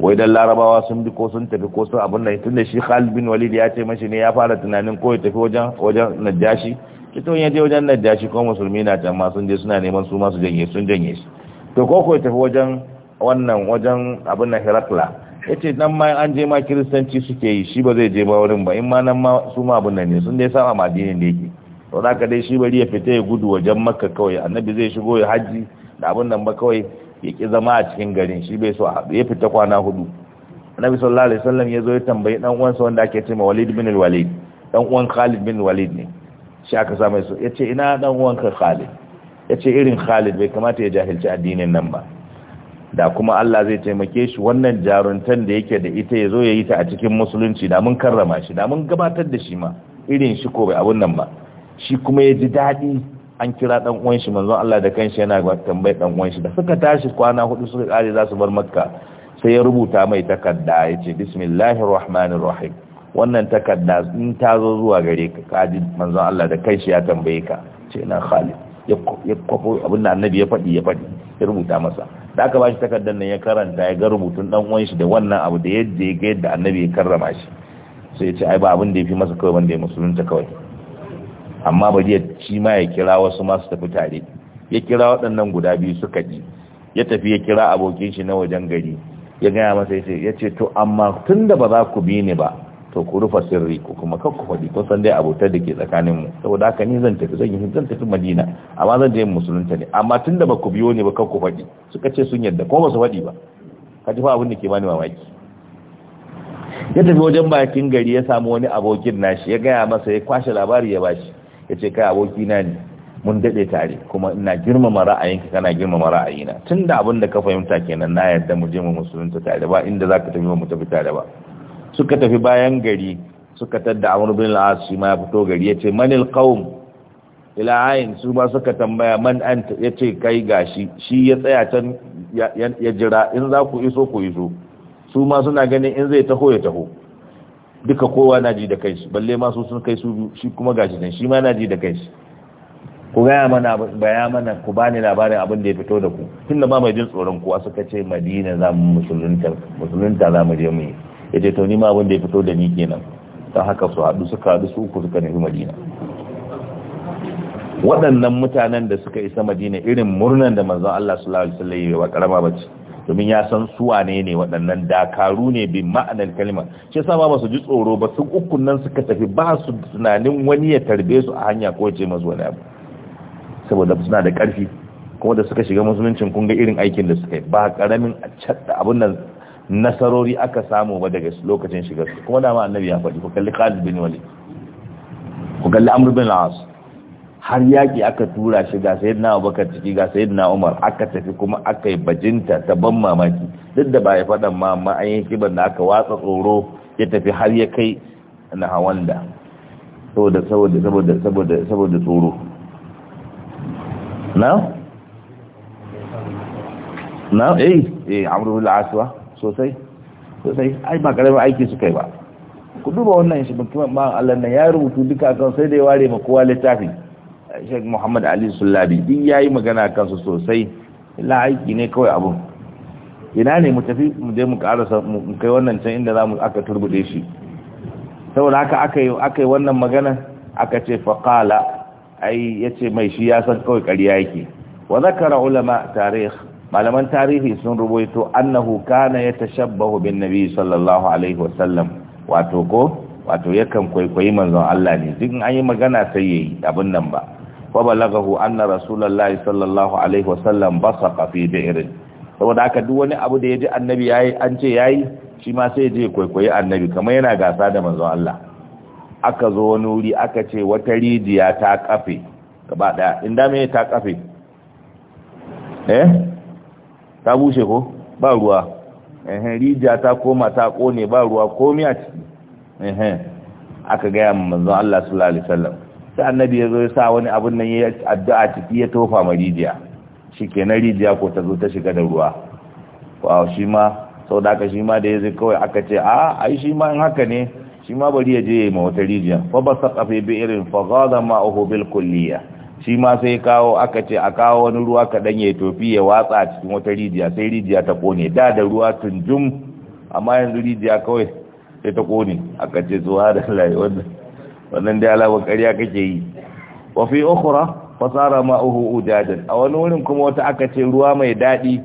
wai dan larabawa sun bi ko sun tafi ko sun abin nan tunda shi Khalid bin Walid ya ce mashi ne ya fara tunanin ko ya tafi wajen wajen Najashi kito ya je wajen Najashi ko musulmi na can ma sun je suna neman su ma su janye sun janye shi to ko ko ya tafi wajen wannan wajen abin nan Herakla yace nan ma an je ma kiristanci suke yi shi ba zai je ba wurin ba in ma nan ma su ma abin nan ne sun dai sama madinin da yake to zaka dai shi bari ya fita ya gudu wajen Makka kawai annabi zai shigo ya haji da abin nan ba kawai ya ki zama a cikin garin shi bai so a haɗu ya fita kwana hudu annabi sallallahu alaihi wasallam ya zo ya tambayi dan uwansa wanda ake ce ma Walid bin walid dan uwan Khalid bin Walid ne shi aka sa mai so yace ina dan uwan ka Khalid yace irin Khalid bai kamata ya jahilci addinin nan ba da kuma Allah zai taimake shi wannan jaruntan da yake da ita ya zo ya yi ta a cikin musulunci da mun karrama shi da mun gabatar da shi ma irin shi ko bai abun nan ba shi kuma ya ji daɗi an kira dan uwan shi manzon Allah da kanshi yana tambayar dan uwan shi da suka tashi kwana hudu suka kare za su bar makka sai ya rubuta mai takarda ya ce bismillahir rahmanir rahim wannan takarda in ta zo zuwa gare ka kaji manzon Allah da kanshi ya tambaye ka ce ina Khalid ya kwafo abin da annabi ya faɗi ya faɗi ya rubuta masa da aka ba shi takardar nan ya karanta ya ga rubutun dan uwan shi da wannan abu da yadda ya ga yadda annabi ya karrama shi sai ya ce ai ba abin da ya fi masa kawai wanda ya musulunta kawai amma ba ya shi ma ya kira wasu masu tafi tare ya kira waɗannan guda biyu suka ji ya tafi ya kira abokin shi na wajen gari ya gaya masa ya ce to amma tun da ba za ku bi ni ba to ku rufa sirri ko kuma kan ku faɗi kun san dai abotar da ke tsakanin mu saboda haka ni zan tafi zan yi zan tafi Madina amma zan je musulunta ne amma tun da ba ku biyo ni ba kan ku faɗi suka ce sun yarda ko ba su faɗi ba ka ji fa abin da ke bani mamaki ya tafi wajen bakin gari ya samu wani abokin nashi ya gaya masa ya kwashe labari ya bashi ya ce kai abokina ne mun daɗe tare kuma ina girmama ra'ayinka kana girmama ra'ayina tun da abin da ka fahimta kenan na yarda mu je mu musulunta tare ba inda za ka tafi mu tafi tare ba suka tafi bayan gari suka tadda amur bin al'as shi ma ya fito gari ya ce manil qaum ila ayin su ba suka tambaya man anta ya ce kai gashi shi ya tsaya can ya jira in za ku iso ku iso su ma suna ganin in zai taho ya taho duka kowa na ji da kai su balle ma su sun kai su shi kuma gashi nan shi ma na ji da kai su ku gaya mana baya mana ku bani labarin abin da ya fito da ku Tunda ma ba mai jin tsoron kuwa suka ce madina za mu musulunta musulunta za mu je mu yi ya ce to ni ma abin da ya fito da ni kenan ta haka su haɗu suka haɗu su uku suka nufi madina waɗannan mutanen da suka isa madina irin murnan da manzon Allah sallallahu alaihi sallam ya karama bace domin ya san suwa ne ne waɗannan dakaru ne bin ma'anar kalima shi sa ba su ji tsoro ba sun ukun nan suka tafi ba su tunanin wani ya tarbe su a hanya ko ce mazu wani abu saboda suna da ƙarfi kuma da suka shiga musuluncin kun ga irin aikin da suka yi ba karamin a cadda abin nan nasarori aka samu ba daga lokacin shigar su kuma dama annabi ya faɗi ku kalli Khalid bin wali ku kalli Amr bin har yaƙi aka tura shi ga na abubakar ciki ga na umar aka tafi kuma aka yi bajinta ta ban mamaki duk da ba ya faɗan ma amma an yi kiban da aka watsa tsoro ya tafi har ya kai na hawanda saboda saboda saboda saboda saboda tsoro na na eh eh amrul aswa sosai sosai ai ba karamin aiki su kai ba ku duba wannan shi mutum ba Allah ne ya rubutu duka kan sai da ya ware ma kowa littafin Sheikh Muhammad Ali Sullabi din yayi magana kansu sosai illa aiki ne kawai abun ina ne mu tafi mu je mu karasa mu kai wannan can inda zamu aka turbude shi saboda haka aka yi aka yi wannan magana aka ce faqala ai yace mai shi ya san kawai ƙarya yake wa zakara ulama tarikh malaman tarihi sun rubuto annahu kana yatashabbahu bin nabi sallallahu alaihi wasallam wato ko wato yakan kwaikwayi manzon Allah ne duk an yi magana sai yayi abin nan ba وبلغه أن رسول الله صلى الله عليه وسلم بصق في بئر saboda haka duk wani abu da ya ji annabi yayi an ce yayi shi ma sai je kwaikwayi annabi kamar yana gasa da manzon Allah aka zo wani wuri aka ce wata rijiya ta kafe gaba daya inda me ta kafe eh ta bushe ko ba ruwa eh rijiya ta koma ta kone ba ruwa komai a ciki eh aka ga manzon Allah sallallahu alaihi wasallam sai annabi ya zo ya sa wani abun nan ya addu'a ciki ya tofa ma rijiya shi ke na rijiya ko ta zo ta shiga da ruwa wa shi ma sau da aka shi ma da ya zai kawai aka ce a ai shi ma in haka ne shi ma bari ya je ma wata rijiya fa ba sa kafe bi irin fa gaza ma uhu bil kulliya shi ma sai kawo aka ce a kawo wani ruwa kaɗan ya tofi ya watsa a cikin wata rijiya sai rijiya ta kone da da ruwa tunjum amma yanzu rijiya kawai sai ta kone aka ce zuwa da lai wannan wannan dai alawar ƙarya kake yi wa fi ukhra fasara ma'uhu ujajen. a wani wurin kuma wata aka ce ruwa mai daɗi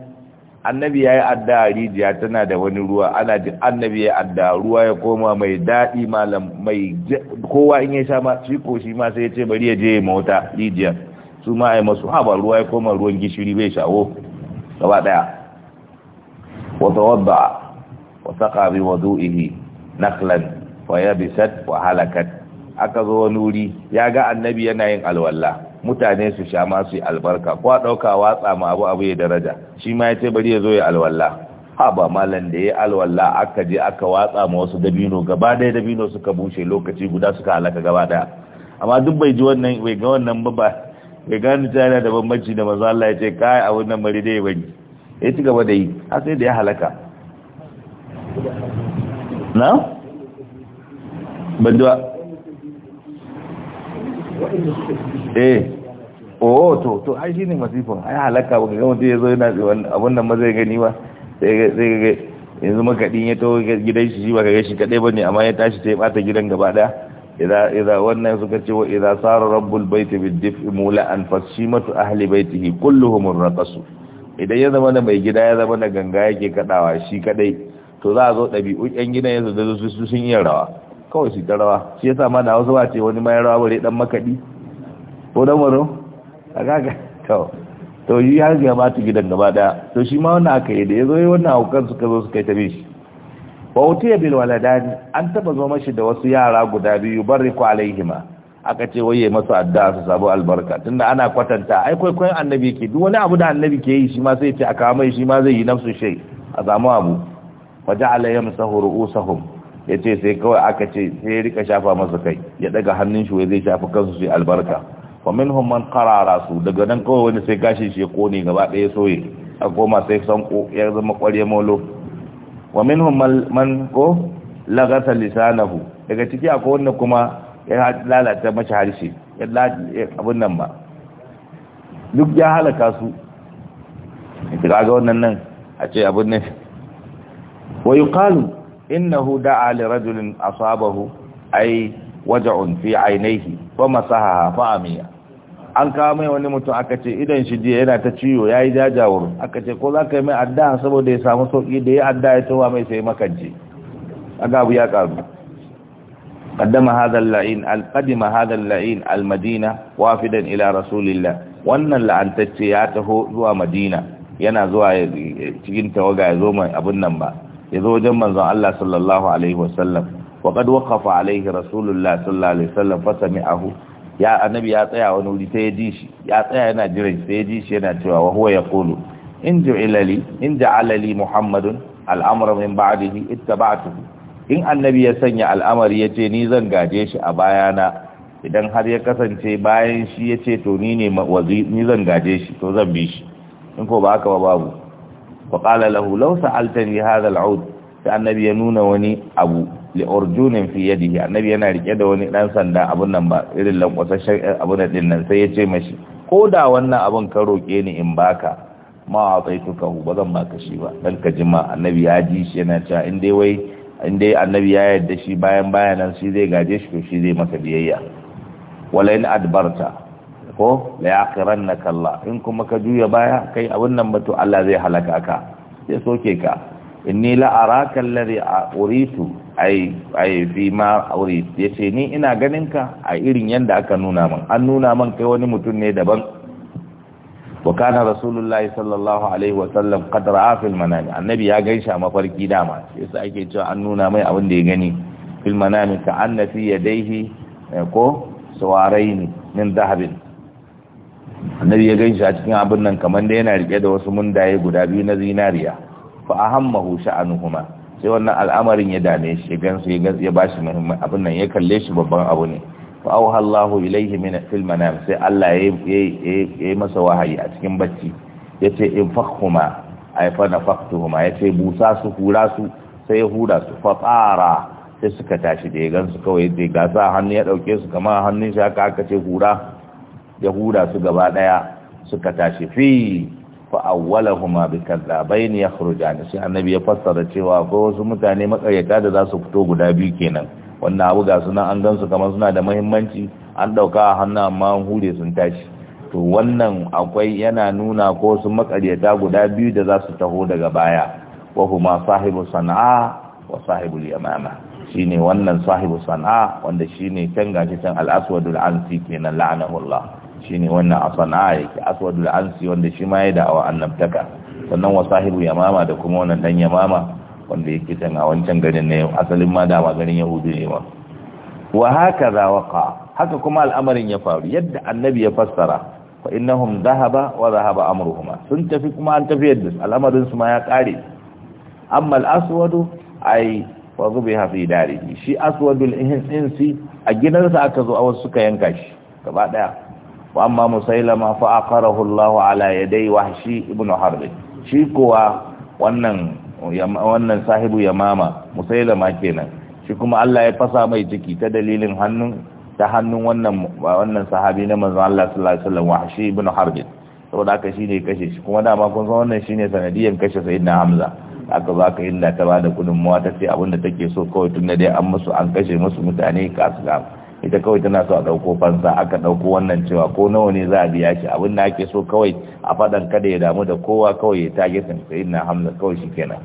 annabi yayi adda rijiya tana da wani ruwa ana ji annabi yayi adda ruwa ya koma mai daɗi malam mai kowa in ya sha ma shi ko shi ma sai ya ce bari ya je ma mota rijiya su ma ai masu haba ruwa ya koma ruwan gishiri bai shawo oh, gaba daya wa tawadda wa saqa bi wudu'ihi naqlan fa yabisat wa halakat aka zo wani wuri ya ga annabi yana yin alwala mutane su sha ma su yi albarka kwa ɗauka watsa ma abu abu ya daraja shi ma ya ce bari ya zo ya alwala ha ba malam da ya alwala aka je aka watsa ma wasu dabino gaba ɗaya dabino suka bushe lokaci guda suka halaka gaba ɗaya amma duk bai ji wannan bai ga wannan ba bai gani ta yana da bambanci da maza Allah ya ce kai a wannan bari dai bari ya ci gaba da yi har sai da ya halaka na? Banduwa, eh oh to to ai shine masifin ai halaka ba ga wanda ya yana abin nan ma zai gani ba sai ga yanzu makaɗin ya to gidan shi shi ba ga shi kadai ba ne amma ya tashi ta yi bata gidan gaba ɗaya idza wannan suka ce wa idza sara rabbul bait bid mula an fasimatu ahli baitihi kulluhum raqasu idan ya zama da mai gida ya zama da ganga yake kadawa shi kadai to za a zo dabi'u yan gidan yanzu da su sun iya rawa kawai shi rawa shi ya ma da wasu ba wani mai rawa wuri dan makaɗi. ko dan waro a gaga kawo to yi har ga ba ta gidan gaba daya to shi ma wani aka yi da ya zo yi wani haukan suka zo suka yi ta ba wa ya bil waladani an taba zo mashi da wasu yara guda biyu bariku alaihima aka ce waye masu adda su sabu albarka tunda ana kwatanta ai kwaikwayon annabi ke duk wani abu da annabi ke yi shi ma sai ce aka mai shi ma zai yi nafsu shai. a samu abu waje alayhim sahuru usahum ya ce sai kawai aka ce sai ya rika shafa masa kai ya daga hannun shi zai shafa kansu sai albarka wa minhum man qarara su daga nan kawai wani sai gashi shi ya kone gaba daya soye a koma sai sanko ya zama kwarye molo wa minhum man ko lagata lisanahu daga ciki akwai wanda kuma ya lalata mace harshe ya abin nan ba duk ya halaka su ga wannan nan a ce abin nan wa yuqalu innahu da'a li rajulin asabahu ay waj'un fi ainihi wa masaha fa amiya an kawo mai wani mutum aka ce idan shi jiya yana ta ciwo ya yi jajawar aka ce ko za ka yi mai adda saboda ya samu sauƙi da ya adda ya towa mai sai makance agabu ya ƙaru قدم هذا اللعين القدم هذا اللعين المدينة وافدا إلى rasulillah, wannan la'antacce ya taho zuwa madina yana zuwa cikin tawaga ya zo mai abun nan ba ya zo wajen manzon Allah sallallahu alaihi wasallam wa qad waqafa alaihi rasulullah sallallahu alaihi wasallam fa sami'ahu ya annabi ya tsaya wani wuri sai ya ji shi ya tsaya yana jiran sai ya ji shi yana cewa wa huwa yaqulu in ju'ila li in ja'ala li muhammadun al'amra min ba'dihi ittaba'tuhu in annabi ya sanya al'amari yace ni zan gaje shi a bayana idan har ya kasance bayan shi ya ce to ni ne ni zan gaje shi to zan bi shi in ko ba haka ba babu wa qala lahu law sa'altani hadha al'ud sai annabi ya nuna wani abu li urjunin fi yadihi annabi yana rike da wani dan sanda abun nan ba irin lankwasashen abun din nan sai yace ce mashi ko da wannan abun ka roke ni in baka ma ataituka hu ba zan baka shi ba dan ka jima annabi ya ji shi yana cewa in annabi ya yarda shi bayan bayanan shi zai gaje shi to shi zai masa biyayya wala in adbarta ko la yakhiran kalla in kuma ka juya baya kai abin nan batu Allah zai halaka ka sai soke ka inni la araka alladhi uritu ai ai fi ma uritu yace ni ina ganin ka a irin yanda aka nuna min an nuna min kai wani mutum ne daban وكان رسول الله صلى الله عليه وسلم قد راى في المنام النبي ya gaisha mafarki dama yasa ake cewa an nuna mai abin da ya gani fil manami ka anna fi yadayhi eh, ko sawaraini min dhahabin annabi ya ganshi a cikin abin nan kamar da yana rike da wasu mundaye guda biyu na zinariya fa ahammahu sha'anuhuma sai wannan al'amarin ya dame shi gan su ya bashi muhimmin abin nan ya kalle shi babban abu ne fa auha Allahu ilayhi min fil manam sai Allah ya yi masa wahayi a cikin bacci yace in fakhuma ay fa nafaqtuhuma yace busa su hura su sai ya hura su fa tsara sai suka tashi da ya gansu kawai da gasa hannu ya dauke su kamar hannun shi aka ce hura Yahuda su gaba daya suka tashi fi fa awwalahuma bi kadhabain yakhrujani sai annabi ya fassara cewa ko wasu mutane makaryata da za su fito guda biyu kenan wannan abu ga suna an gansu kamar suna da muhimmanci an dauka a hannu amma an hure sun tashi to wannan akwai yana nuna ko su makaryata guda biyu da za su taho daga baya wa huma sahibu sana'a wa sahibu yamama shine wannan sahibu sana'a wanda shine can gashi can al-aswadul ansi kenan la'anahu Allah ne wannan asana'a yake aswadul ansi wanda shi ma ya da'awa annabtaka sannan wa sahibu yamama da kuma wannan dan yamama wanda yake can a wancan garin ne asalin ma dama garin yahudu ne ma wa haka za waqa haka kuma al'amarin ya faru yadda annabi ya fassara fa innahum dhahaba wa dhahaba amruhuma sun tafi kuma an tafi yadda al'amarin su ma ya kare amma al-aswadu ai wa zubiha fi darihi shi aswadul insi a gidansa aka zo a wasu suka yanka shi gaba daya wa amma musailama fa aqarahu Allah ala yadai wahshi ibn harb shi kuwa wannan wannan sahibu yamama musailama kenan shi kuma Allah ya fasa mai ciki ta dalilin hannun ta hannun wannan sahabi na manzon Allah sallallahu alaihi wasallam wahshi ibn harb saboda haka shine kashe shi kuma dama kun san wannan shine sanadiyan kashe sayyidina Hamza aka ba ka illa ta da kudin muwa ta ce abinda take so kawai tun da dai an musu an kashe musu mutane ka ita kawai tana so a ɗauko fansa aka ɗauko wannan cewa ko nawa ne za a biya shi abin da ake so kawai a faɗan kada ya damu da kowa kawai ya tage san sai na hamza kawai shi kenan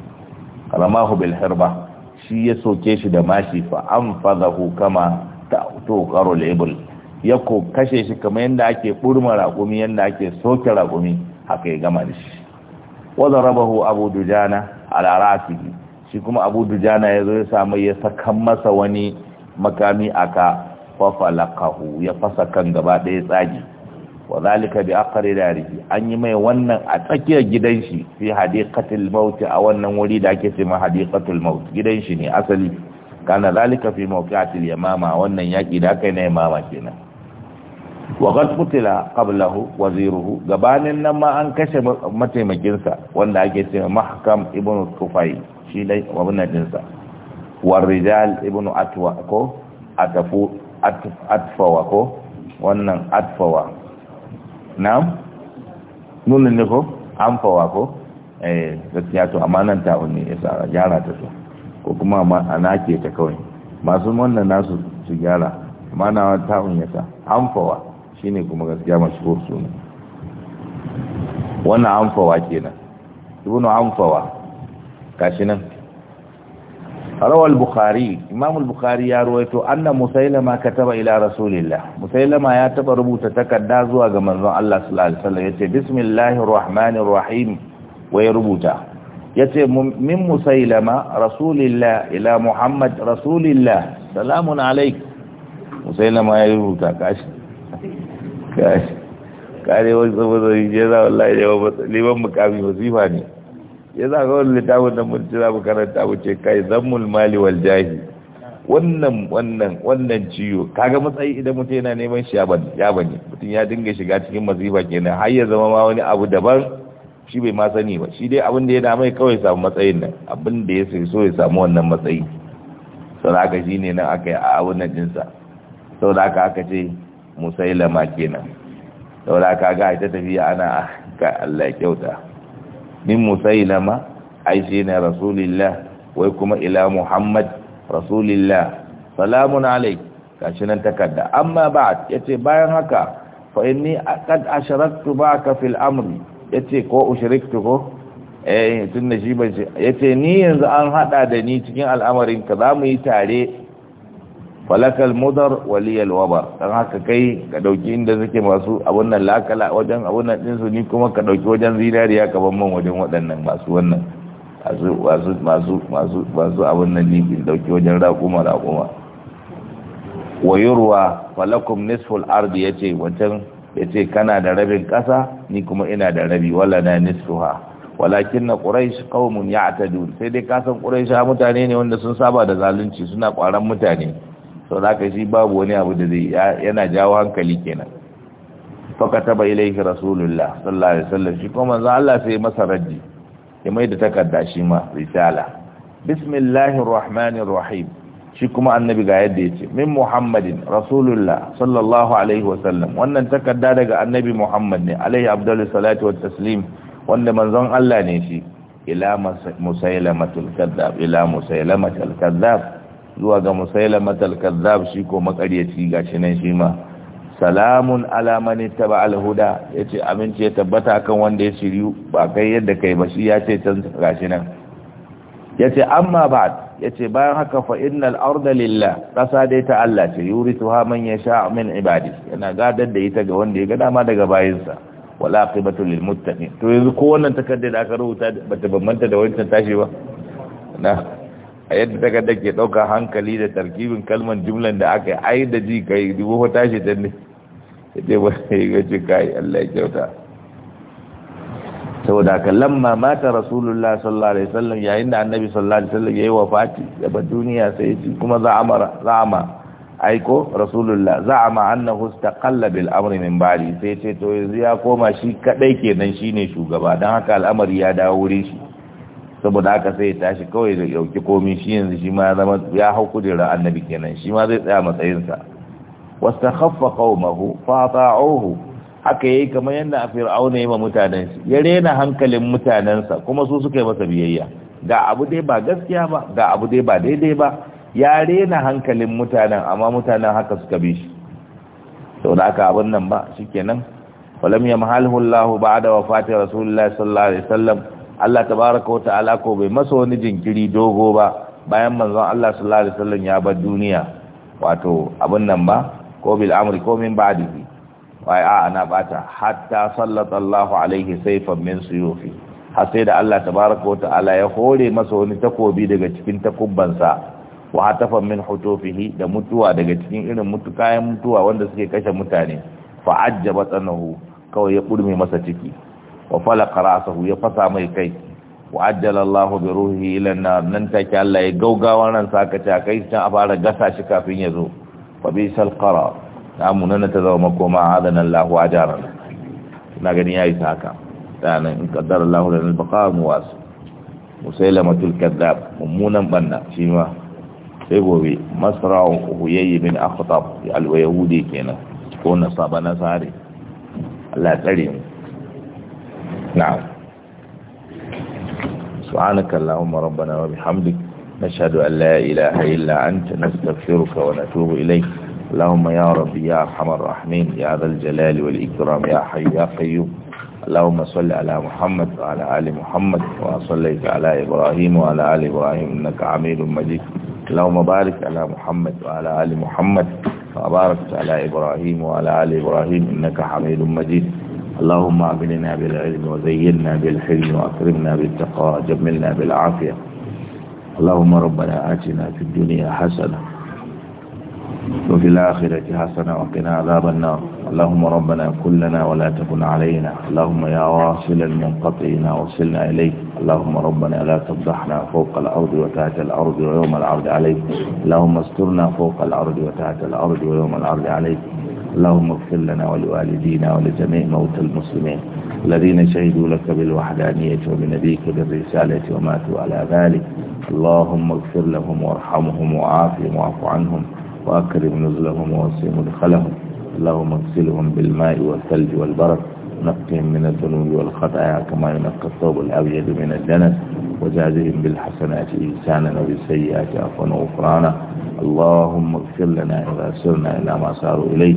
kalamahu bil harba shi ya soke shi da mashi fa an fadahu kama ta to qaru label ya ko kashe shi kamar yanda ake burma raqumi yanda ake soke raƙumi haka ya gama da shi wa zarabahu abu dujana ala rasihi shi kuma abu dujana ya zo ya samu ya sakan masa wani makami aka fafalakahu ya fasa kan gaba ɗaya tsagi wa zalika bi aqri darihi an yi mai wannan a tsakiyar gidan shi fi hadiqatil maut a wannan wuri da ake cewa hadiqatul maut gidan shi ne asali kana zalika fi mawqi'atil yamama wannan yaki da kai na yamama kenan wa qad qutila qablahu waziruhu gabanin nan ma an kashe mataimakin sa wanda ake cewa mahkam ibn tufai shi dai wannan dinsa wa rijal ibn atwa ko atafu atfawa ko wannan atfawa na nunin ne ko amfawa ko eh gaskiya to amanan ta wani ya tsara gyara ta so ko kuma ana ke ta kawai masu wannan nasu su gyara amma na ta wani ya sa amfawa shine kuma gaskiya masu mashhur suna wannan amfawa kenan ibnu amfawa shi nan روى البخاري امام البخاري يا رويته ان مسيلمه كتب الى رسول الله مسيلمه يا تبا rubuta takarda zuwa ga manzon Allah sallallahu alaihi wasallam yace bismillahir rahmanir rahim waya rubuta yace min musaylama rasulillah ila muhammad rasulillah salamun alaik musaylama ya rubuta kashi kashi kare wani saboda yaza wallahi yawa liban mukami wasifa ne ya za ga wani littafin da mun ci za mu karanta mu ce kai zammul mali wal jahi wannan wannan wannan ciwo kaga matsayi idan mutum yana neman shi ya bane mutum ya dinga shiga cikin masifa kenan har ya zama ma wani abu daban shi bai ma sani ba shi dai abin da yana mai kawai samu matsayin nan abin da ya sai so ya samu wannan matsayi sau aka shi ne nan aka yi a abin na jinsa sau da aka aka ce musailama kenan sau da aka ga ita tafiya ana ka Allah kyauta min musailama ai shi ne rasulillah wai kuma ila muhammad rasulillah salamun alaik gashi nan takarda amma ya ce bayan haka fa inni qad asharaktu ba'ka fil amri ce ko ushriktu ko eh da shi ya ce ni yanzu an hada da ni cikin al'amarin ka mu yi tare falakal mudar waliyal wabar dan haka kai ka dauki inda suke masu abun nan lakala wajen abun nan din su ni kuma ka dauki wajen zinariya ka ban man wajen waɗannan masu wannan masu masu masu masu masu abun nan ni ki dauki wajen raƙuma raƙuma wa yurwa falakum nisful ardi yace wancan yace kana da rabin ƙasa ni kuma ina da rabi wala na nisfuha walakin na quraish qaumun ya'tadun sai dai kasan quraish mutane ne wanda sun saba da zalunci suna ƙwaran mutane sau da aka shi babu wani abu da zai yana jawo hankali kenan fakata taba ilaihi rasulullah sallallahu alaihi wasallam shi kuma manzo Allah sai masa raddi ya mai da takarda shi ma risala bismillahir rahmanir rahim shi kuma annabi ga yadda yace min muhammadin rasulullah sallallahu alaihi wasallam wannan takarda daga annabi muhammad ne alaihi afdalus salatu wat taslim wanda manzon Allah ne shi ila musailamatul kadhab ila musailamatul kadhab zuwa ga musailama al-kazzab shi ko makaryaci gashi nan shi ma salamun ala man ittaba huda yace aminci ya tabbata kan wanda ya shiryu ba kai yadda kai ba shi ya ce can gashi nan yace amma ba yace bayan haka fa innal arda lillah kasa dai ta Allah ce tuhaman man sha min ibadi yana gadar da ita ga wanda ya ga dama daga bayinsa wala aqibatu lil muttaqin to yanzu ko wannan takardar da aka rubuta bata bambanta da wancan tashi ba na a yadda takardar ke ɗauka hankali da tarkibin kalman jumlan da aka yi ai da ji kai dubu ko tashi ta ne ya ce ba sai ga ce kai Allah ya kyauta saboda ka lamma mata rasulullah sallallahu alaihi wasallam yayin da annabi sallallahu alaihi wasallam yayi wafati da ba duniya sai ya ce kuma za'amara za'ama aiko rasulullah ama annahu istaqalla bil amri min ba'di sai ce to yanzu ya koma shi kadai kenan shine shugaba dan haka al'amari ya dawo wurin shi saboda haka sai ya tashi kawai da yauki komi shi yanzu shi ma zama ya hau kujerar annabi kenan shi ma zai tsaya matsayinsa wasta khaffa qaumahu fa ta'uhu haka yayi kamar yadda a fir'auna yayi ma mutanen shi ya rena hankalin mutanensa kuma su suka yi masa biyayya ga abu dai ba gaskiya ba ga abu dai ba daidai ba ya rena hankalin mutanen amma mutanen haka suka bi shi saboda haka abin nan ba shikenan walam yamhalhu Allah ba'da wafati Rasulullah sallallahu alaihi wasallam Allah tabaraka wa ta'ala ko bai maso wani jinkiri dogo ba bayan manzon Allah sallallahu alaihi wasallam ya bar duniya wato abin nan ba ko bil amri ko min ba'dihi wai a ana bata hatta sallallahu alaihi sayfan min suyufi har sai da Allah tabaraka wa ta'ala ya hore masa wani takobi daga cikin takubbansa wa hatafan min hutufihi da mutuwa daga cikin irin mutukayen kayan mutuwa wanda suke kashe mutane fa ajjaba tsanahu kawai ya kurme masa ciki wa falaka ra'sahu ya fasa mai kai wa ajjala Allah bi ruhi ila nar nan take Allah ya gaugawan nan saka ta kai sai a fara gasa shi kafin ya zo fa bi sal qara amuna na tazawma kuma adana Allah ajaran na gani yayi saka dan in qaddara Allah lana al-baqa muwas musailamatul kadhab mummunan banna shi ma sai gobe masra'u huyayyi bin akhtab al-yahudi kenan ko nasaba nasari Allah tsare mu نعم سبحانك اللهم ربنا وبحمدك نشهد أن لا إله إلا أنت نستغفرك ونتوب إليك اللهم يا ربي يا أرحم الراحمين يا ذا الجلال والإكرام يا حي يا قيوم اللهم صل على محمد وعلى آل محمد وصليت على إبراهيم وعلى آل إبراهيم إنك حميد مجيد اللهم بارك على محمد وعلى آل محمد وباركت على إبراهيم وعلى آل إبراهيم إنك حميد مجيد اللهم عملنا بالعلم وزينا بالحلم وأكرمنا بالتقوى وجملنا بالعافية اللهم ربنا آتنا في الدنيا حسنة وفي الآخرة حسنة وقنا عذاب النار اللهم ربنا كلنا ولا تكن علينا اللهم يا واصلا من قطعنا وصلنا إليك اللهم ربنا لا تفضحنا فوق الأرض وتحت الأرض ويوم العرض عليك اللهم استرنا فوق الأرض وتحت الأرض ويوم العرض عليك اللهم اغفر لنا ولوالدينا ولجميع موتى المسلمين الذين شهدوا لك بالوحدانية وبنبيك بالرسالة وماتوا على ذلك اللهم اغفر لهم وارحمهم وعافهم واعف عنهم وأكرم نزلهم ووسع مدخلهم اللهم اغسلهم بالماء والثلج والبرد نقهم من الذنوب والخطايا كما ينقى الثوب الأبيض من الدنس وجازهم بالحسنات إنسانا وبالسيئات عفوا وغفرانا اللهم اغفر لنا إذا سرنا إلى ما ساروا إليه